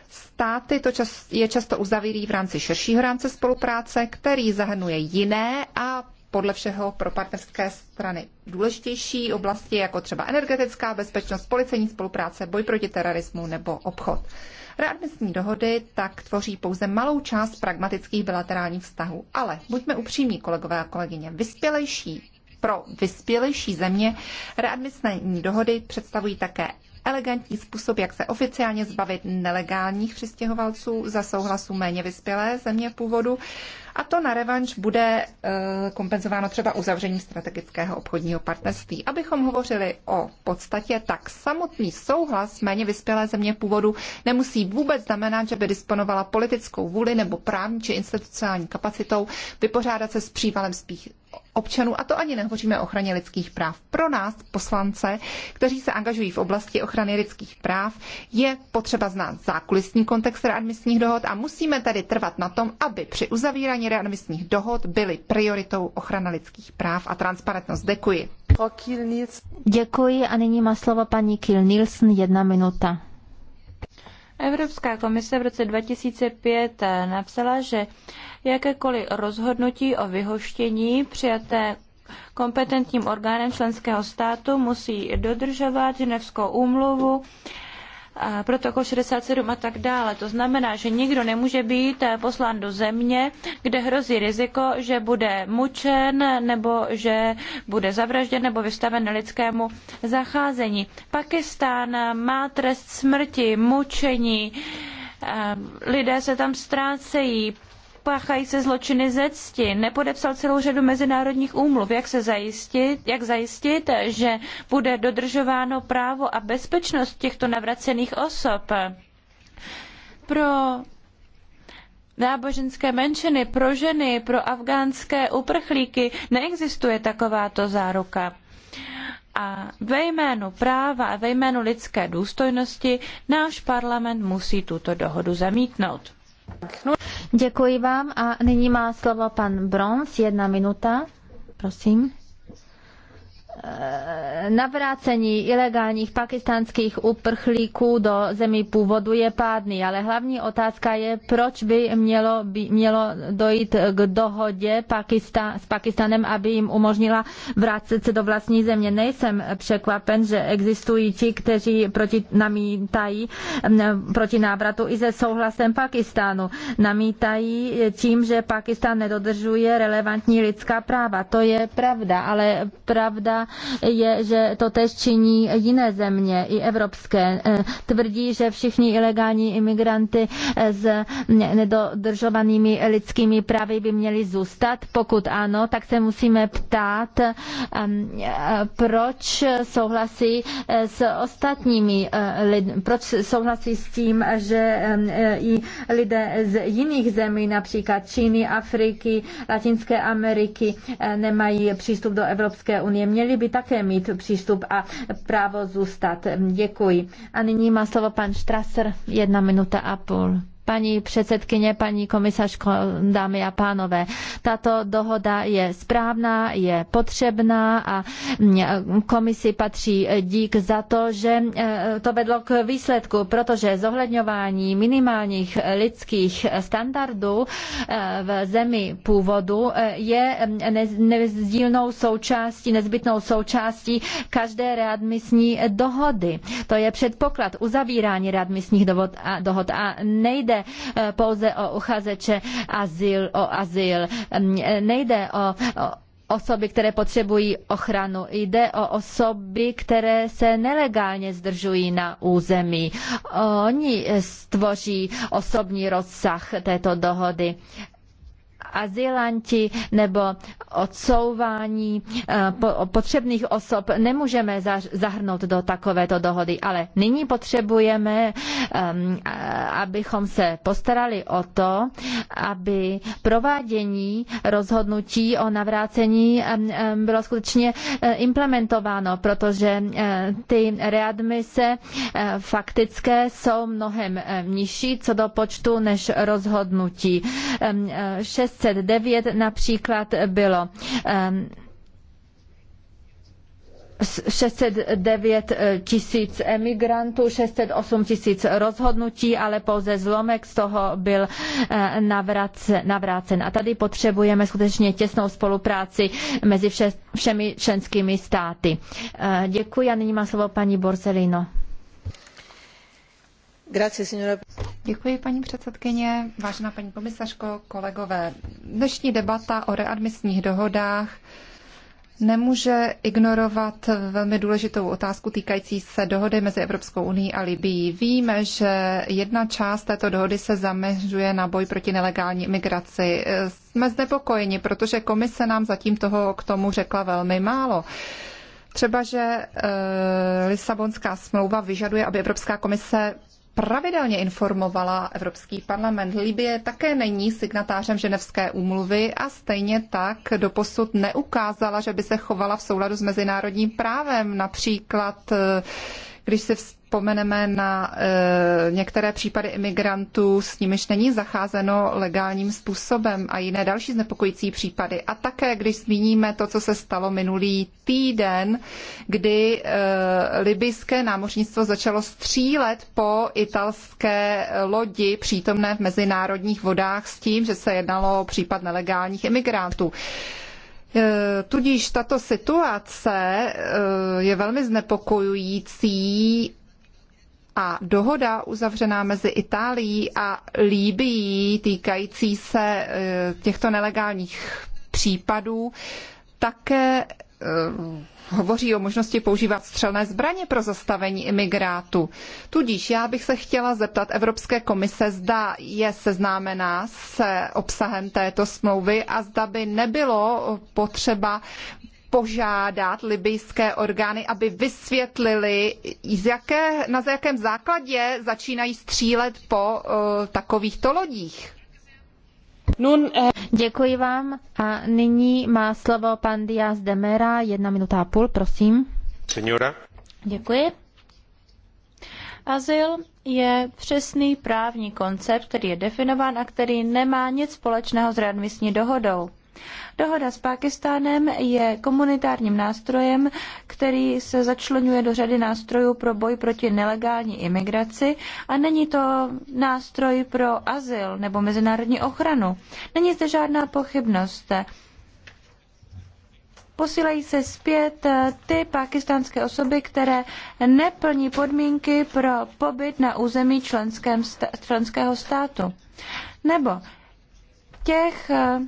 Státy to čas, je často uzavírají v rámci širšího rámce spolupráce, který zahrnuje jiné a podle všeho pro partnerské strany důležitější oblasti, jako třeba energetická bezpečnost, policejní spolupráce, boj proti terorismu nebo obchod. Readmisní dohody tak tvoří pouze malou část pragmatických bilaterálních vztahů. Ale buďme upřímní, kolegové a kolegyně, vyspělejší pro vyspělejší země readmisní dohody představují také elegantní způsob, jak se oficiálně zbavit nelegálních přistěhovalců za souhlasu méně vyspělé země původu. A to na revanš bude eh, kompenzováno třeba uzavření strategického obchodního partnerství. Abychom hovořili o podstatě, tak samotný souhlas méně vyspělé země původu nemusí vůbec znamenat, že by disponovala politickou vůli nebo právní či institucionální kapacitou vypořádat se s přívalem občanů, a to ani nehovoříme o ochraně lidských práv. Pro nás, poslance, kteří se angažují v oblasti ochrany lidských práv, je potřeba znát zákulisní kontext readmisních dohod a musíme tedy trvat na tom, aby při uzavírání readmisních dohod byly prioritou ochrana lidských práv a transparentnost. Děkuji. Děkuji a nyní má slovo paní Kil Nielsen, jedna minuta. Evropská komise v roce 2005 napsala, že jakékoliv rozhodnutí o vyhoštění přijaté kompetentním orgánem členského státu musí dodržovat Ženevskou úmluvu, protokol 67 a tak dále. To znamená, že nikdo nemůže být eh, poslán do země, kde hrozí riziko, že bude mučen nebo že bude zavražděn nebo vystaven nelidskému zacházení. Pakistán eh, má trest smrti, mučení, eh, lidé se tam ztrácejí, páchají se zločiny ze cti, nepodepsal celou řadu mezinárodních úmluv. Jak se zajistit, jak zajistit, že bude dodržováno právo a bezpečnost těchto navracených osob? Pro náboženské menšiny, pro ženy, pro afgánské uprchlíky neexistuje takováto záruka. A ve jménu práva a ve jménu lidské důstojnosti náš parlament musí tuto dohodu zamítnout. Děkuji vám a nyní má slovo pan Bronz, jedna minuta, prosím navrácení ilegálních pakistánských uprchlíků do zemí původu je pádný, ale hlavní otázka je, proč by mělo, by mělo dojít k dohodě Pakista- s Pakistanem, aby jim umožnila vrátit se do vlastní země. Nejsem překvapen, že existují ti, kteří proti namítají proti návratu i se souhlasem Pakistánu. Namítají tím, že Pakistán nedodržuje relevantní lidská práva. To je pravda, ale pravda je, že to tež činí jiné země, i evropské. Eh, tvrdí, že všichni ilegální imigranty eh, s nedodržovanými lidskými právy by měli zůstat. Pokud ano, tak se musíme ptát, ehm, eh, proč souhlasí s ostatními lidmi, proč souhlasí s tím, že ehm, i lidé z jiných zemí, například Číny, Afriky, Latinské Ameriky, nemají přístup do Evropské unie. Měli měli by také mít přístup a právo zůstat. Děkuji. A nyní má slovo pan Strasser, jedna minuta a půl paní předsedkyně, paní komisařko, dámy a pánové. Tato dohoda je správná, je potřebná a mm, komisi patří dík za to, že e, to vedlo k výsledku, protože zohledňování minimálních lidských standardů e, v zemi původu e, je mm, nezdílnou součástí, nezbytnou součástí každé readmisní dohody. To je předpoklad uzavírání readmisních dohod a nejde Eh, pouze o uchazeče azyl, o azyl. Mm, nejde o, o osoby, které potřebují ochranu. Jde o osoby, které se nelegálně zdržují na území. Oni stvoří osobní rozsah této dohody azylanti nebo odsouvání eh, potřebných osob nemůžeme zahrnout do takovéto dohody, ale nyní potřebujeme, ehm, eh, abychom se postarali o to, aby provádění rozhodnutí o navrácení ehm, ehm, bylo skutečně eh, implementováno, protože ty readmise faktické jsou mnohem nižší co do počtu než rozhodnutí. 6 609 například bylo 609 ehm, eh, tisíc emigrantů, 608 tisíc rozhodnutí, ale pouze zlomek z toho byl eh, navrácen. A tady potřebujeme skutečně těsnou spolupráci mezi všemi členskými státy. Eh, děkuji a nyní má slovo paní Borzelino. Děkuji, paní předsedkyně, vážená paní komisařko, kolegové. Dnešní debata o readmisních dohodách nemůže ignorovat velmi důležitou otázku týkající se dohody mezi Evropskou unii a Libií. Víme, že jedna část této dohody se zaměřuje na boj proti nelegální imigraci. Jsme znepokojeni, protože komise nám zatím toho k tomu řekla velmi málo. Třeba, že eh, Lisabonská smlouva vyžaduje, aby Evropská komise pravidelně informovala Evropský parlament. Libie také není signatářem Ženevské úmluvy a stejně tak doposud neukázala, že by se chovala v souladu s mezinárodním právem. Například eh, když si vzpomeneme na e, některé případy imigrantů, s nimiž není zacházeno legálním způsobem a jiné další znepokojící případy. A také, když zmíníme to, co se stalo minulý týden, kdy e, libyjské námořnictvo začalo střílet po italské lodi přítomné v mezinárodních vodách s tím, že se jednalo o případ nelegálních imigrantů. E, tudíž tato situace e, je velmi znepokojující a dohoda uzavřená mezi Itálií a Líbií týkající se e, těchto nelegálních případů také Eh, hovoří o možnosti používat střelné zbraně pro zastavení imigrátů. Tudíž já bych se chtěla zeptat Evropské komise, zda je seznámená se obsahem této smlouvy a zda by nebylo potřeba požádat libijské orgány, aby vysvětlili, jaké, na jakém základě začínají střílet po uh, takovýchto lodích. Eh, Děkuji vám a nyní má slovo pan Diaz de Mera, jedna minuta a půl, prosím. Senora. Děkuji. Azyl je přesný právní koncept, který je definován a který nemá nic společného s readmisní dohodou. Dohoda s Pákistánem je komunitárním nástrojem, který se začlenuje do řady nástrojů pro boj proti nelegální imigraci a není to nástroj pro azyl nebo mezinárodní ochranu. Není zde žádná pochybnost posílají se zpět eh, ty pakistánské osoby, které neplní podmínky pro pobyt na území členském, členského státu. Nebo těch eh,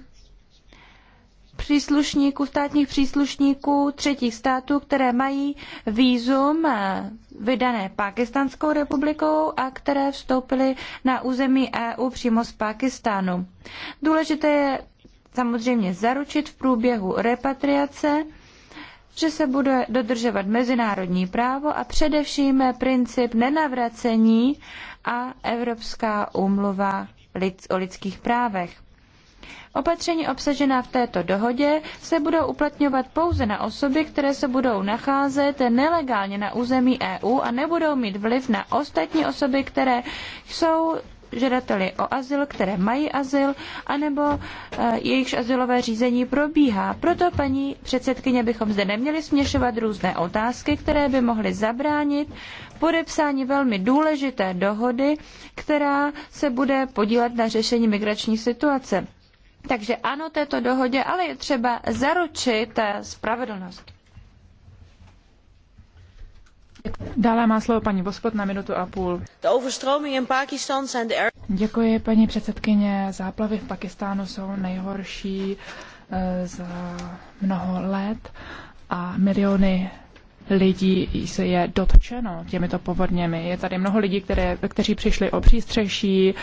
příslušníků, státních příslušníků třetích států, které mají výzum eh, vydané Pákistánskou republikou a které vstoupily na území EU přímo z Pákistánu. Důležité je samozřejmě zaručit v průběhu repatriace, že se bude dodržovat mezinárodní právo a především princip nenavracení a Evropská úmluva o lidských právech. Opatření obsažená v této dohodě se budou uplatňovat pouze na osoby, které se budou nacházet nelegálně na území EU a nebudou mít vliv na ostatní osoby, které jsou žadateli o azyl, které mají azyl, anebo e, jejichž azylové řízení probíhá. Proto, paní předsedkyně, bychom zde neměli směšovat různé otázky, které by mohly zabránit podepsání velmi důležité dohody, která se bude podílet na řešení migrační situace. Takže ano této dohodě, ale je třeba zaručit eh, spravedlnost. Dále má slovo paní vospod na minutu a půl. Er- Děkuji, paní předsedkyně. Záplavy v Pakistánu jsou nejhorší eh, za mnoho let a miliony lidí se je dotčeno těmito povodněmi. Je tady mnoho lidí, které, kteří přišli o přístřeší,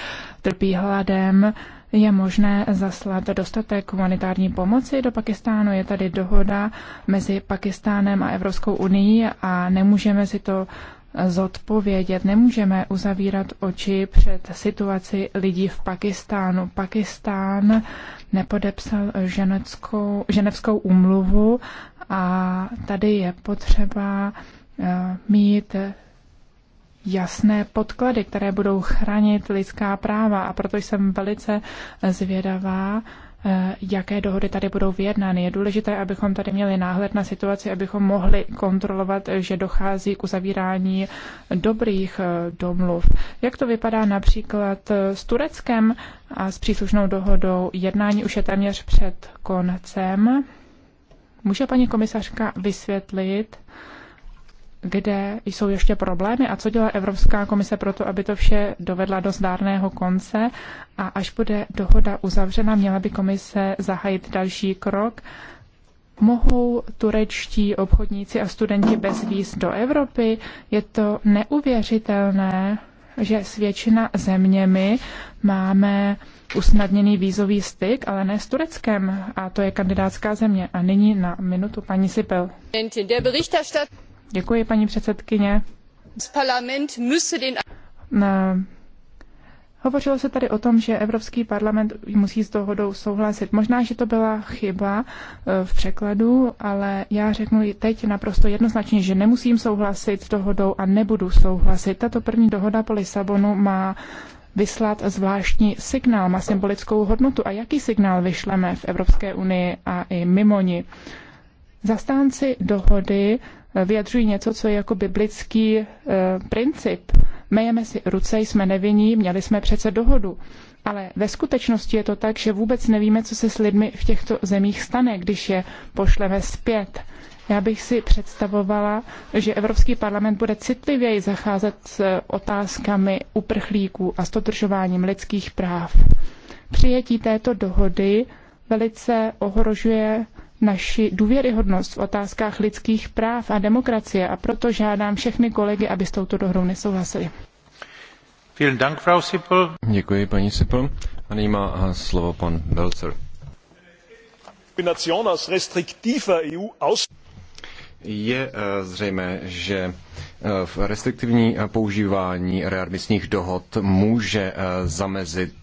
trpí hladem je možné zaslat dostatek humanitární pomoci do Pakistánu. Je tady dohoda mezi Pakistánem a Evropskou unii a nemůžeme si to eh, zodpovědět. Nemůžeme uzavírat oči před situaci lidí v Pakistánu. Pakistán nepodepsal ženevskou, ženevskou úmluvu a tady je potřeba eh, mít jasné podklady, které budou chránit lidská práva a proto jsem velice zvědavá, eh, jaké dohody tady budou vyjednány. Je důležité, abychom tady měli náhled na situaci, abychom mohli kontrolovat, že dochází k uzavírání dobrých eh, domluv. Jak to vypadá například eh, s Tureckem a s příslušnou dohodou? Jednání už je téměř před koncem. Může paní komisařka vysvětlit, kde jsou ještě problémy a co dělá Evropská komise pro to, aby to vše dovedla do zdárného konce a až bude dohoda uzavřena, měla by komise zahájit další krok. Mohou turečtí obchodníci a studenti bez víz do Evropy? Je to neuvěřitelné, že s většina zeměmi máme usnadněný vízový styk, ale ne s Tureckem. A to je kandidátská země. A nyní na minutu paní Sipel. Děkuji, paní předsedkyně. Parlament den... Na... Hovořilo se tady o tom, že Evropský parlament musí s dohodou souhlasit. Možná, že to byla chyba e, v překladu, ale já řeknu i teď naprosto jednoznačně, že nemusím souhlasit s dohodou a nebudu souhlasit. Tato první dohoda po Lisabonu má vyslat zvláštní signál, má symbolickou hodnotu. A jaký signál vyšleme v Evropské unii a i mimo ni? Zastánci dohody vyjadřují něco, co je jako biblický eh, princip. Mejeme si ruce, jsme nevinní, měli jsme přece dohodu. Ale ve skutečnosti je to tak, že vůbec nevíme, co se s lidmi v těchto zemích stane, když je pošleme zpět. Já bych si představovala, že Evropský parlament bude citlivěji zacházet s eh, otázkami uprchlíků a s dodržováním lidských práv. Přijetí této dohody velice ohrožuje naši důvěryhodnost v otázkách lidských práv a demokracie a proto žádám všechny kolegy, aby s touto dohrou nesouhlasili. Děkuji, paní Sipl. A nyní má slovo pan Belzer. E Je eh, zřejmé, že eh, v restriktivní eh, používání readmisních dohod může zamezit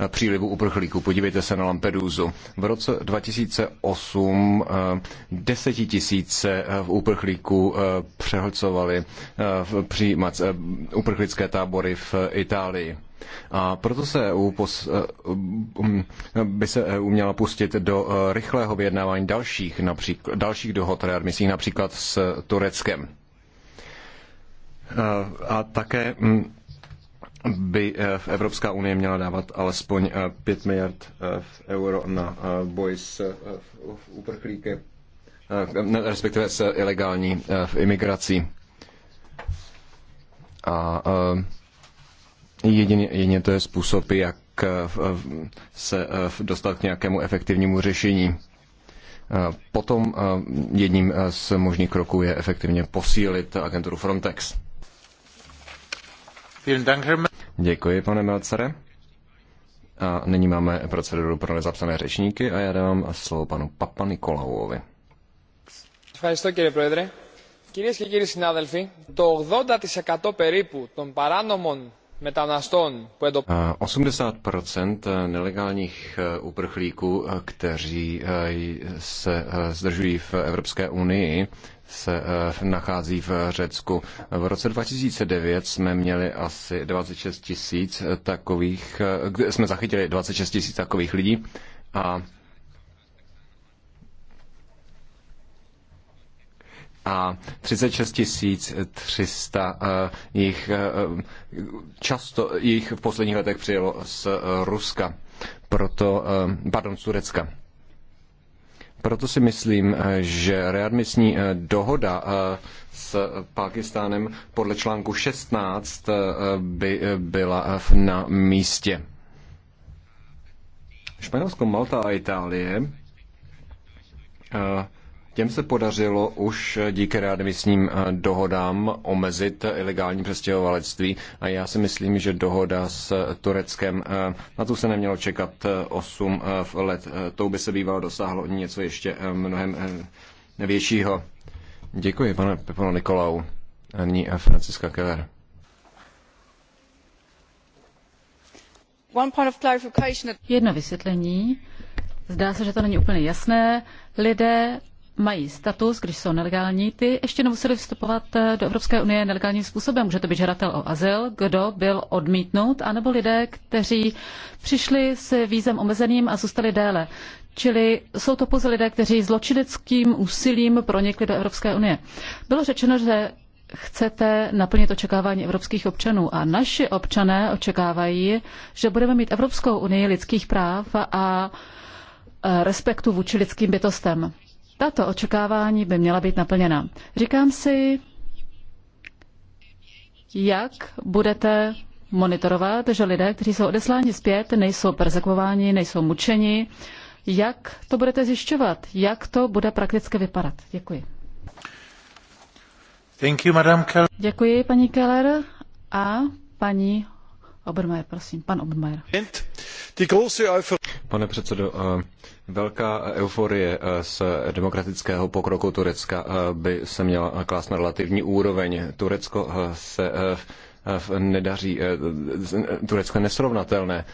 Eh, přílivu uprchlíků. Podívejte se na Lampedusu. V roce 2008 eh, desetitisíce eh, uprchlíků přehlcovali přijímat uprchlické tábory v Itálii. A proto se EU pos, um, by se EU měla pustit do rychlého vyjednávání dalších, například, dalších dohod readmisích, například s Tureckem. A také mm, by eh, Evropská unie měla dávat alespoň 5 eh, miliard eh, euro na boj s uprchlíky, respektive s ilegální imigrací. A jedině, jedině to je způsob, jak se dostat k nějakému efektivnímu řešení. Potom jedním z možných kroků je efektivně posílit agenturu Frontex. Vielen Dank, Děkuji, pane Melcere. A nyní máme proceduru pro nezapsané řečníky a já dávám slovo panu Papa Nikolauovi. Ευχαριστώ Κυρίες και κύριοι συνάδελφοι, το 80% περίπου των παράνομων μεταναστών που εντοπίζουν... 80% nelegálních uprchlíků, kteří se zdržují v Evropské unii, se eh, nachází v Řecku. V roce 2009 jsme měli asi 26 tisíc takových, eh, jsme zachytili 26 tisíc takových lidí a a 36 300 eh, jich často jich v posledních letech přijelo z Ruska, proto, pardon, z Turecka. Proto si myslím, eh, že readmisní eh, dohoda eh, s Pákistánem podle článku 16 by byla na místě. Španělsko, Malta a Itálie Těm se podařilo už díky readmisním eh, dohodám omezit eh, ilegální přestěhovalectví a já si myslím, že dohoda s eh, Tureckem, na tu se nemělo čekat 8 let, tou by se bývalo dosáhlo něco ještě mnohem většího. Děkuji, pane Pepano Nikolau. A nyní a Franciska Keller. Jedno vysvětlení. Zdá se, že to není úplně jasné. Lidé mají status, když jsou nelegální, ty ještě nemuseli vstupovat eh, do Evropské unie nelegálním způsobem. Může to být žadatel o azyl, kdo byl odmítnut, anebo lidé, kteří přišli s vízem omezeným a zůstali déle. Čili jsou to pouze lidé, kteří zločineckým úsilím pronikli do Evropské unie. Bylo řečeno, že chcete naplnit očekávání evropských občanů a naši občané očekávají, že budeme mít Evropskou unii lidských práv a eh, respektu vůči lidským bytostem. Tato očekávání by měla být naplněna. Říkám si, jak budete monitorovat, že lidé, kteří jsou odesláni zpět, nejsou persekuováni, nejsou mučeni. Jak to budete zjišťovat? Jak to bude prakticky vypadat? Děkuji. Thank you, Madame Keller. Děkuji, paní Keller. A paní Obermeier, prosím, pan Obermeier. Pane předsedo, Velká euforie eh, z demokratického pokroku Turecka eh, by se měla klást na relativní úroveň. Turecko eh, se nedaří, Turecko je nesrovnatelné.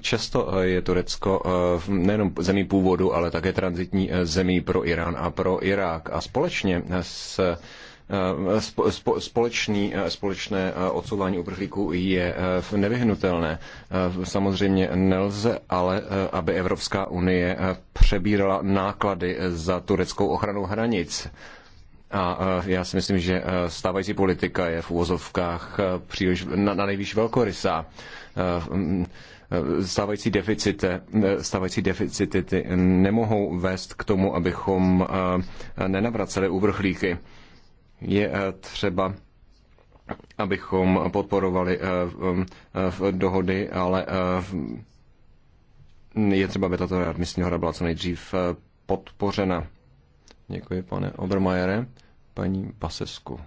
Často je Turecko nejenom zemí původu, ale také transitní zemí pro Irán a pro Irák. A společně s Eh, společný, eh, společné eh, odsouvání uprchlíků je nevyhnutelné. Samozřejmě nelze, ale aby Evropská unie přebírala náklady za tureckou ochranu hranic. A já si myslím, že stávající politika je v úvozovkách příliš na, na nejvýš velkorysá. Mm, stávající deficity, stávající deficity nemohou vést k tomu, abychom nenavraceli uvrchlíky. Je eh, třeba abychom podporovali eh, eh, dohody, ale je třeba, aby tato readmisní dohoda byla co nejdřív podpořena. Děkuji, pane Obermajere. Paní Pasesku.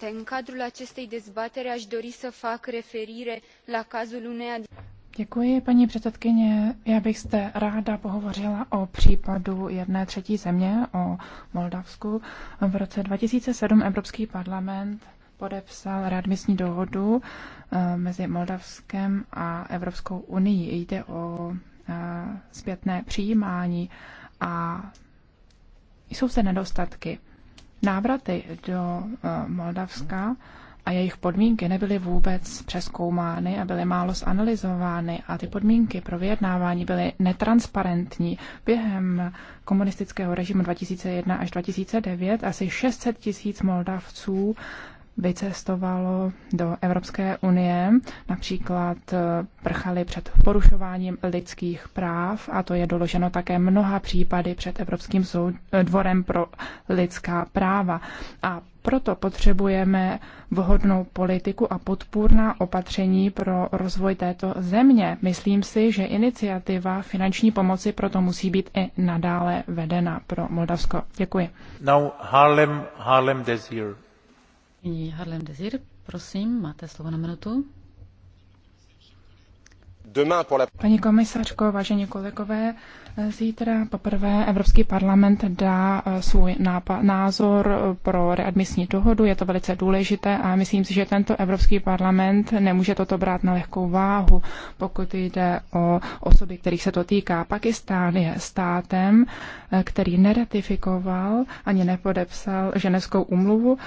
În cadrul acestei dezbateri aș dori să fac referire la cazul unei Děkuji, paní předsedkyně. Já bych zde ráda pohovořila o případu jedné třetí země, o Moldavsku. V roce 2007 Evropský parlament podepsal readmisní dohodu eh, mezi Moldavskem a Evropskou unii. Jde o eh, zpětné přijímání a jsou se nedostatky. Návraty do eh, Moldavska a jejich podmínky nebyly vůbec přeskoumány a byly málo zanalizovány a ty podmínky pro vyjednávání byly netransparentní. Během komunistického režimu 2001 až 2009 asi 600 tisíc Moldavců vycestovalo do Evropské unie, například eh, prchali před porušováním lidských práv a to je doloženo také mnoha případy před Evropským soud, eh, dvorem pro lidská práva. A proto potřebujeme vhodnou politiku a podpůrná opatření pro rozvoj této země. Myslím si, že iniciativa finanční pomoci proto musí být i nadále vedena pro Moldavsko. Děkuji. Now Harlem, Harlem Desir. Nyní Harlem Desir, prosím, máte slovo na minutu. Paní komisařko, vážení kolegové, zítra poprvé Evropský parlament dá eh, svůj názor eh, pro readmisní dohodu. Je to velice důležité a myslím si, že tento Evropský parlament nemůže toto brát na lehkou váhu, pokud jde o osoby, kterých se to týká. Pakistán je státem, eh, který neratifikoval ani nepodepsal ženevskou umluvu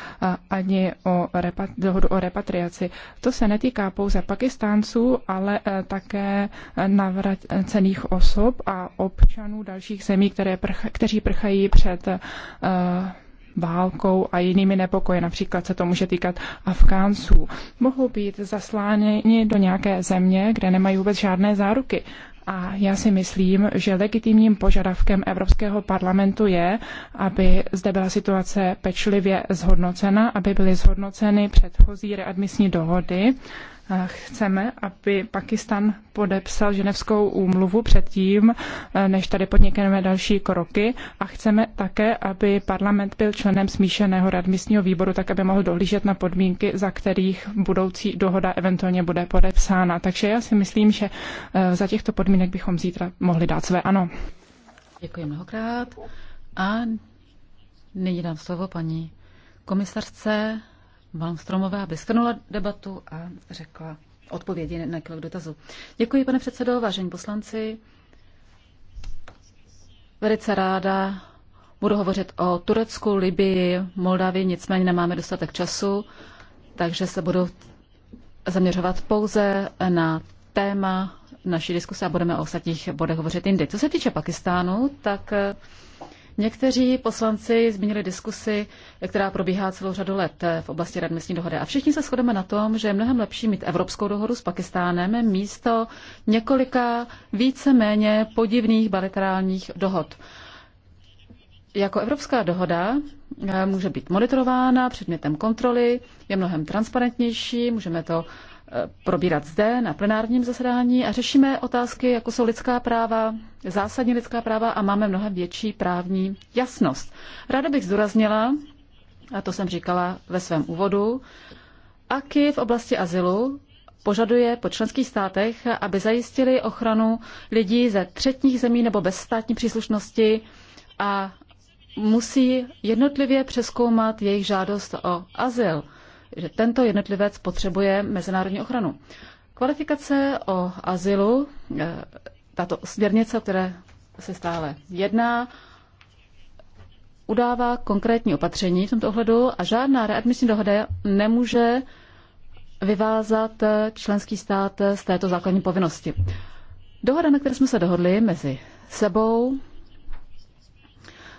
ani o repat- dohodu o repatriaci. To se netýká pouze Pakistánců, ale tak také navracených osob a občanů dalších zemí, které prch, kteří prchají před uh, válkou a jinými nepokoje, například se to může týkat Afgánců, mohou být zasláni do nějaké země, kde nemají vůbec žádné záruky. A já si myslím, že legitimním požadavkem Evropského parlamentu je, aby zde byla situace pečlivě zhodnocena, aby byly zhodnoceny předchozí readmisní dohody Chceme, aby Pakistan podepsal ženevskou úmluvu předtím, eh, než tady podnikneme další kroky a chceme také, aby parlament byl členem smíšeného radmístního výboru, tak aby mohl dohlížet na podmínky, za kterých budoucí dohoda eventuálně bude podepsána. Takže já si myslím, že eh, za těchto podmínek bychom zítra mohli dát své ano. Děkuji mnohokrát a nyní dám slovo paní komisařce Malmstromová, aby skrnula debatu a řekla odpovědi na několik dotazů. Děkuji, pane předsedo, vážení poslanci. Velice ráda budu hovořit o Turecku, Libii, Moldavii, nicméně nemáme dostatek času, takže se budu zaměřovat pouze na téma naší diskuse a budeme o ostatních bodech hovořit jindy. Co se týče Pakistánu, tak Někteří poslanci zmínili diskusi, která probíhá celou řadu let v oblasti radmistní dohody. A všichni se shodeme na tom, že je mnohem lepší mít evropskou dohodu s Pakistánem místo několika více-méně podivných bilaterálních dohod. Jako evropská dohoda eh, může být monitorována předmětem kontroly, je mnohem transparentnější, můžeme to probírat zde na plenárním zasedání a řešíme otázky, jako jsou lidská práva, zásadní lidská práva a máme mnohem větší právní jasnost. Ráda bych zdůraznila, a to jsem říkala ve svém úvodu, AKI v oblasti azylu požaduje po členských státech, aby zajistili ochranu lidí ze třetních zemí nebo bez státní příslušnosti a musí jednotlivě přeskoumat jejich žádost o azyl že tento jednotlivec potřebuje mezinárodní ochranu. Kvalifikace o azylu, eh, tato směrnice, o které se stále jedná, udává konkrétní opatření v tomto ohledu a žádná readmisní dohoda nemůže vyvázat eh, členský stát eh, z této základní povinnosti. Dohoda, na které jsme se dohodli mezi sebou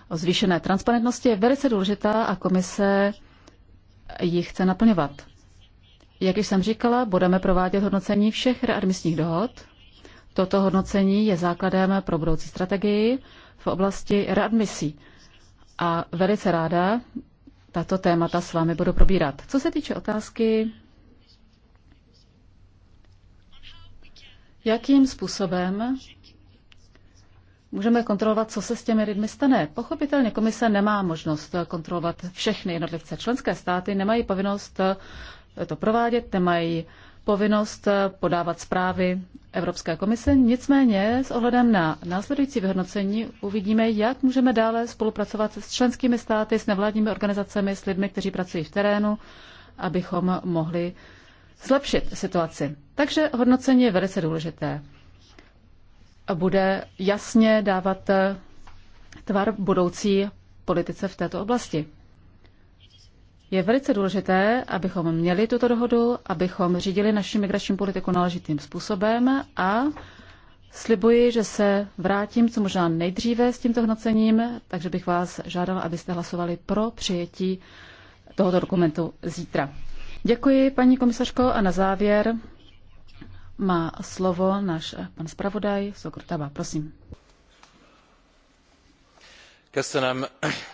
o zvýšené transparentnosti, je velice důležitá a komise ji chce naplňovat. Jak již jsem říkala, budeme provádět hodnocení všech readmisních dohod. Toto hodnocení je základem pro budoucí strategii v oblasti readmisí. A velice ráda tato témata s vámi budu probírat. Co se týče otázky, jakým způsobem můžeme kontrolovat, co se s těmi lidmi stane. Pochopitelně komise nemá možnost kontrolovat všechny jednotlivce. Členské státy nemají povinnost to provádět, nemají povinnost podávat zprávy Evropské komise. Nicméně s ohledem na následující vyhodnocení uvidíme, jak můžeme dále spolupracovat s členskými státy, s nevládními organizacemi, s lidmi, kteří pracují v terénu, abychom mohli zlepšit situaci. Takže hodnocení je velice důležité bude jasně dávat tvar budoucí politice v této oblasti. Je velice důležité, abychom měli tuto dohodu, abychom řídili naši migrační politiku náležitým způsobem a slibuji, že se vrátím co možná nejdříve s tímto hnocením, takže bych vás žádala, abyste hlasovali pro přijetí tohoto dokumentu zítra. Děkuji, paní komisařko, a na závěr má slovo náš eh, pan zpravodaj Sokrtava. Prosím. Köszönöm,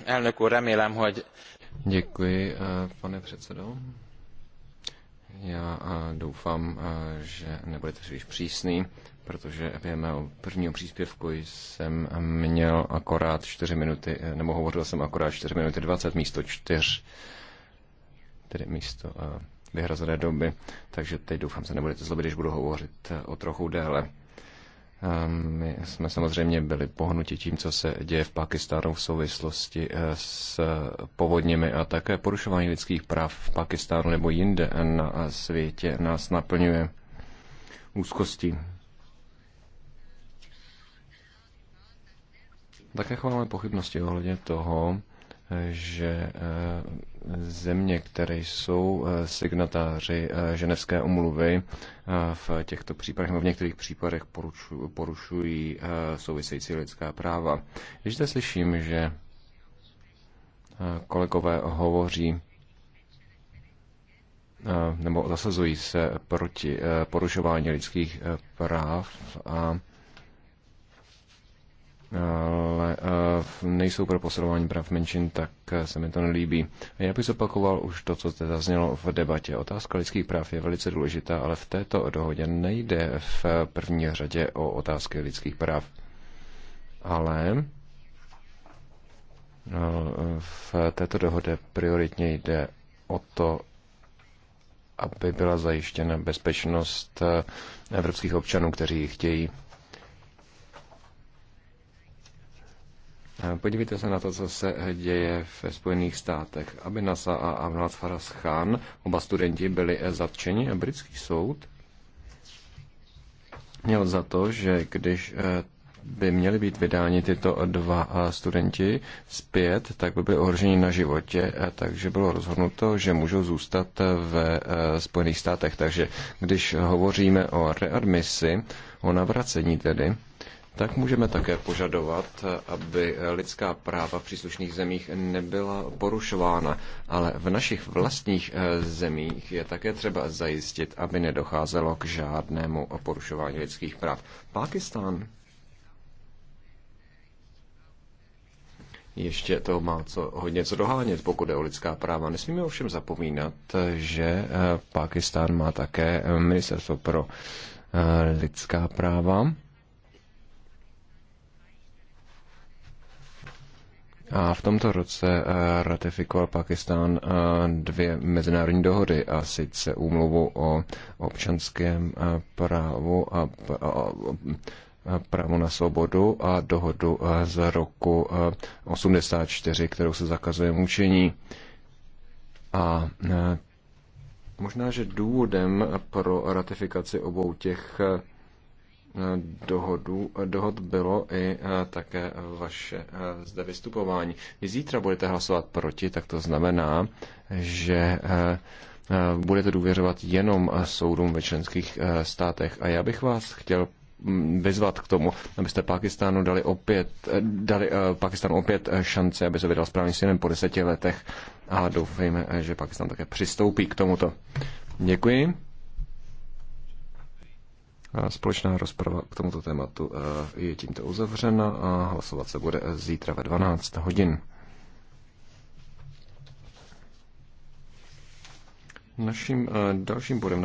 elnök úr, remélem, hogy... Děkuji, eh, pane předsedo. Já eh, doufám, že nebudete příliš přísný, protože během mého prvního příspěvku jsem měl akorát 4 minuty, nebo hovořil jsem akorát 4 minuty 20 místo 4, tedy místo vyhrazené doby. Takže teď doufám se nebudete zlobit, když budu hovořit eh, o trochu déle. Ehm, my jsme samozřejmě byli pohnuti tím, co se děje v Pakistánu v souvislosti eh, s povodněmi a také porušování lidských práv v Pakistánu nebo jinde na eh, světě nás naplňuje úzkostí. Také chováme pochybnosti ohledně toho, že eh, země, které jsou eh, signatáři eh, ženevské omluvy, v těchto případech, nebo v některých případech porušují, porušují související lidská práva. Když zde slyším, že kolegové hovoří nebo zasazují se proti porušování lidských práv a ale eh, nejsou pro posilování práv menšin, tak eh, se mi to nelíbí. Já bych zopakoval už to, co zde zaznělo v debatě. Otázka lidských práv je velice důležitá, ale v této dohodě nejde v první řadě o otázky lidských práv. Ale eh, v této dohodě prioritně jde o to, aby byla zajištěna bezpečnost evropských občanů, kteří chtějí Podívejte se na to, co se děje ve Spojených státech. Aby Nasa a Amnat Faras Khan, oba studenti, byli eh, zatčeni a britský soud měl za to, že když eh, by měli být vydáni tyto dva eh, studenti zpět, tak by byli ohroženi na životě, takže bylo rozhodnuto, že můžou zůstat ve Spojených státech. Takže když hovoříme o readmisi, o navracení tedy, tak můžeme také požadovat, aby lidská práva v příslušných zemích nebyla porušována. Ale v našich vlastních eh, zemích je také třeba zajistit, aby nedocházelo k žádnému porušování lidských práv. Pákistán ještě to má co, hodně co dohánět, pokud je o lidská práva. Nesmíme ovšem zapomínat, že eh, Pákistán má také eh, ministerstvo pro lidská práva A v tomto roce eh, ratifikoval Pakistán eh, dvě mezinárodní dohody, a sice úmluvu o občanském eh, právu a právo na svobodu a dohodu z roku 84, kterou se zakazuje mučení. A možná, že důvodem pro ratifikaci obou těch Eh, dohodu, eh, dohod bylo i eh, také vaše zde vystupování. Vy zítra budete hlasovat proti, tak to znamená, že budete důvěřovat jenom soudům ve členských státech. A já bych vás chtěl mm, vyzvat k tomu, abyste Pakistánu dali opět, dali Pakistánu opět šance, aby se vydal správným synem po deseti letech a doufejme, že Pakistán také přistoupí k tomuto. Děkuji. A společná rozprava k tomuto tématu eh, je tímto uzavřena a hlasovat se bude eh, zítra ve 12 hodin. Naším eh, dalším bodem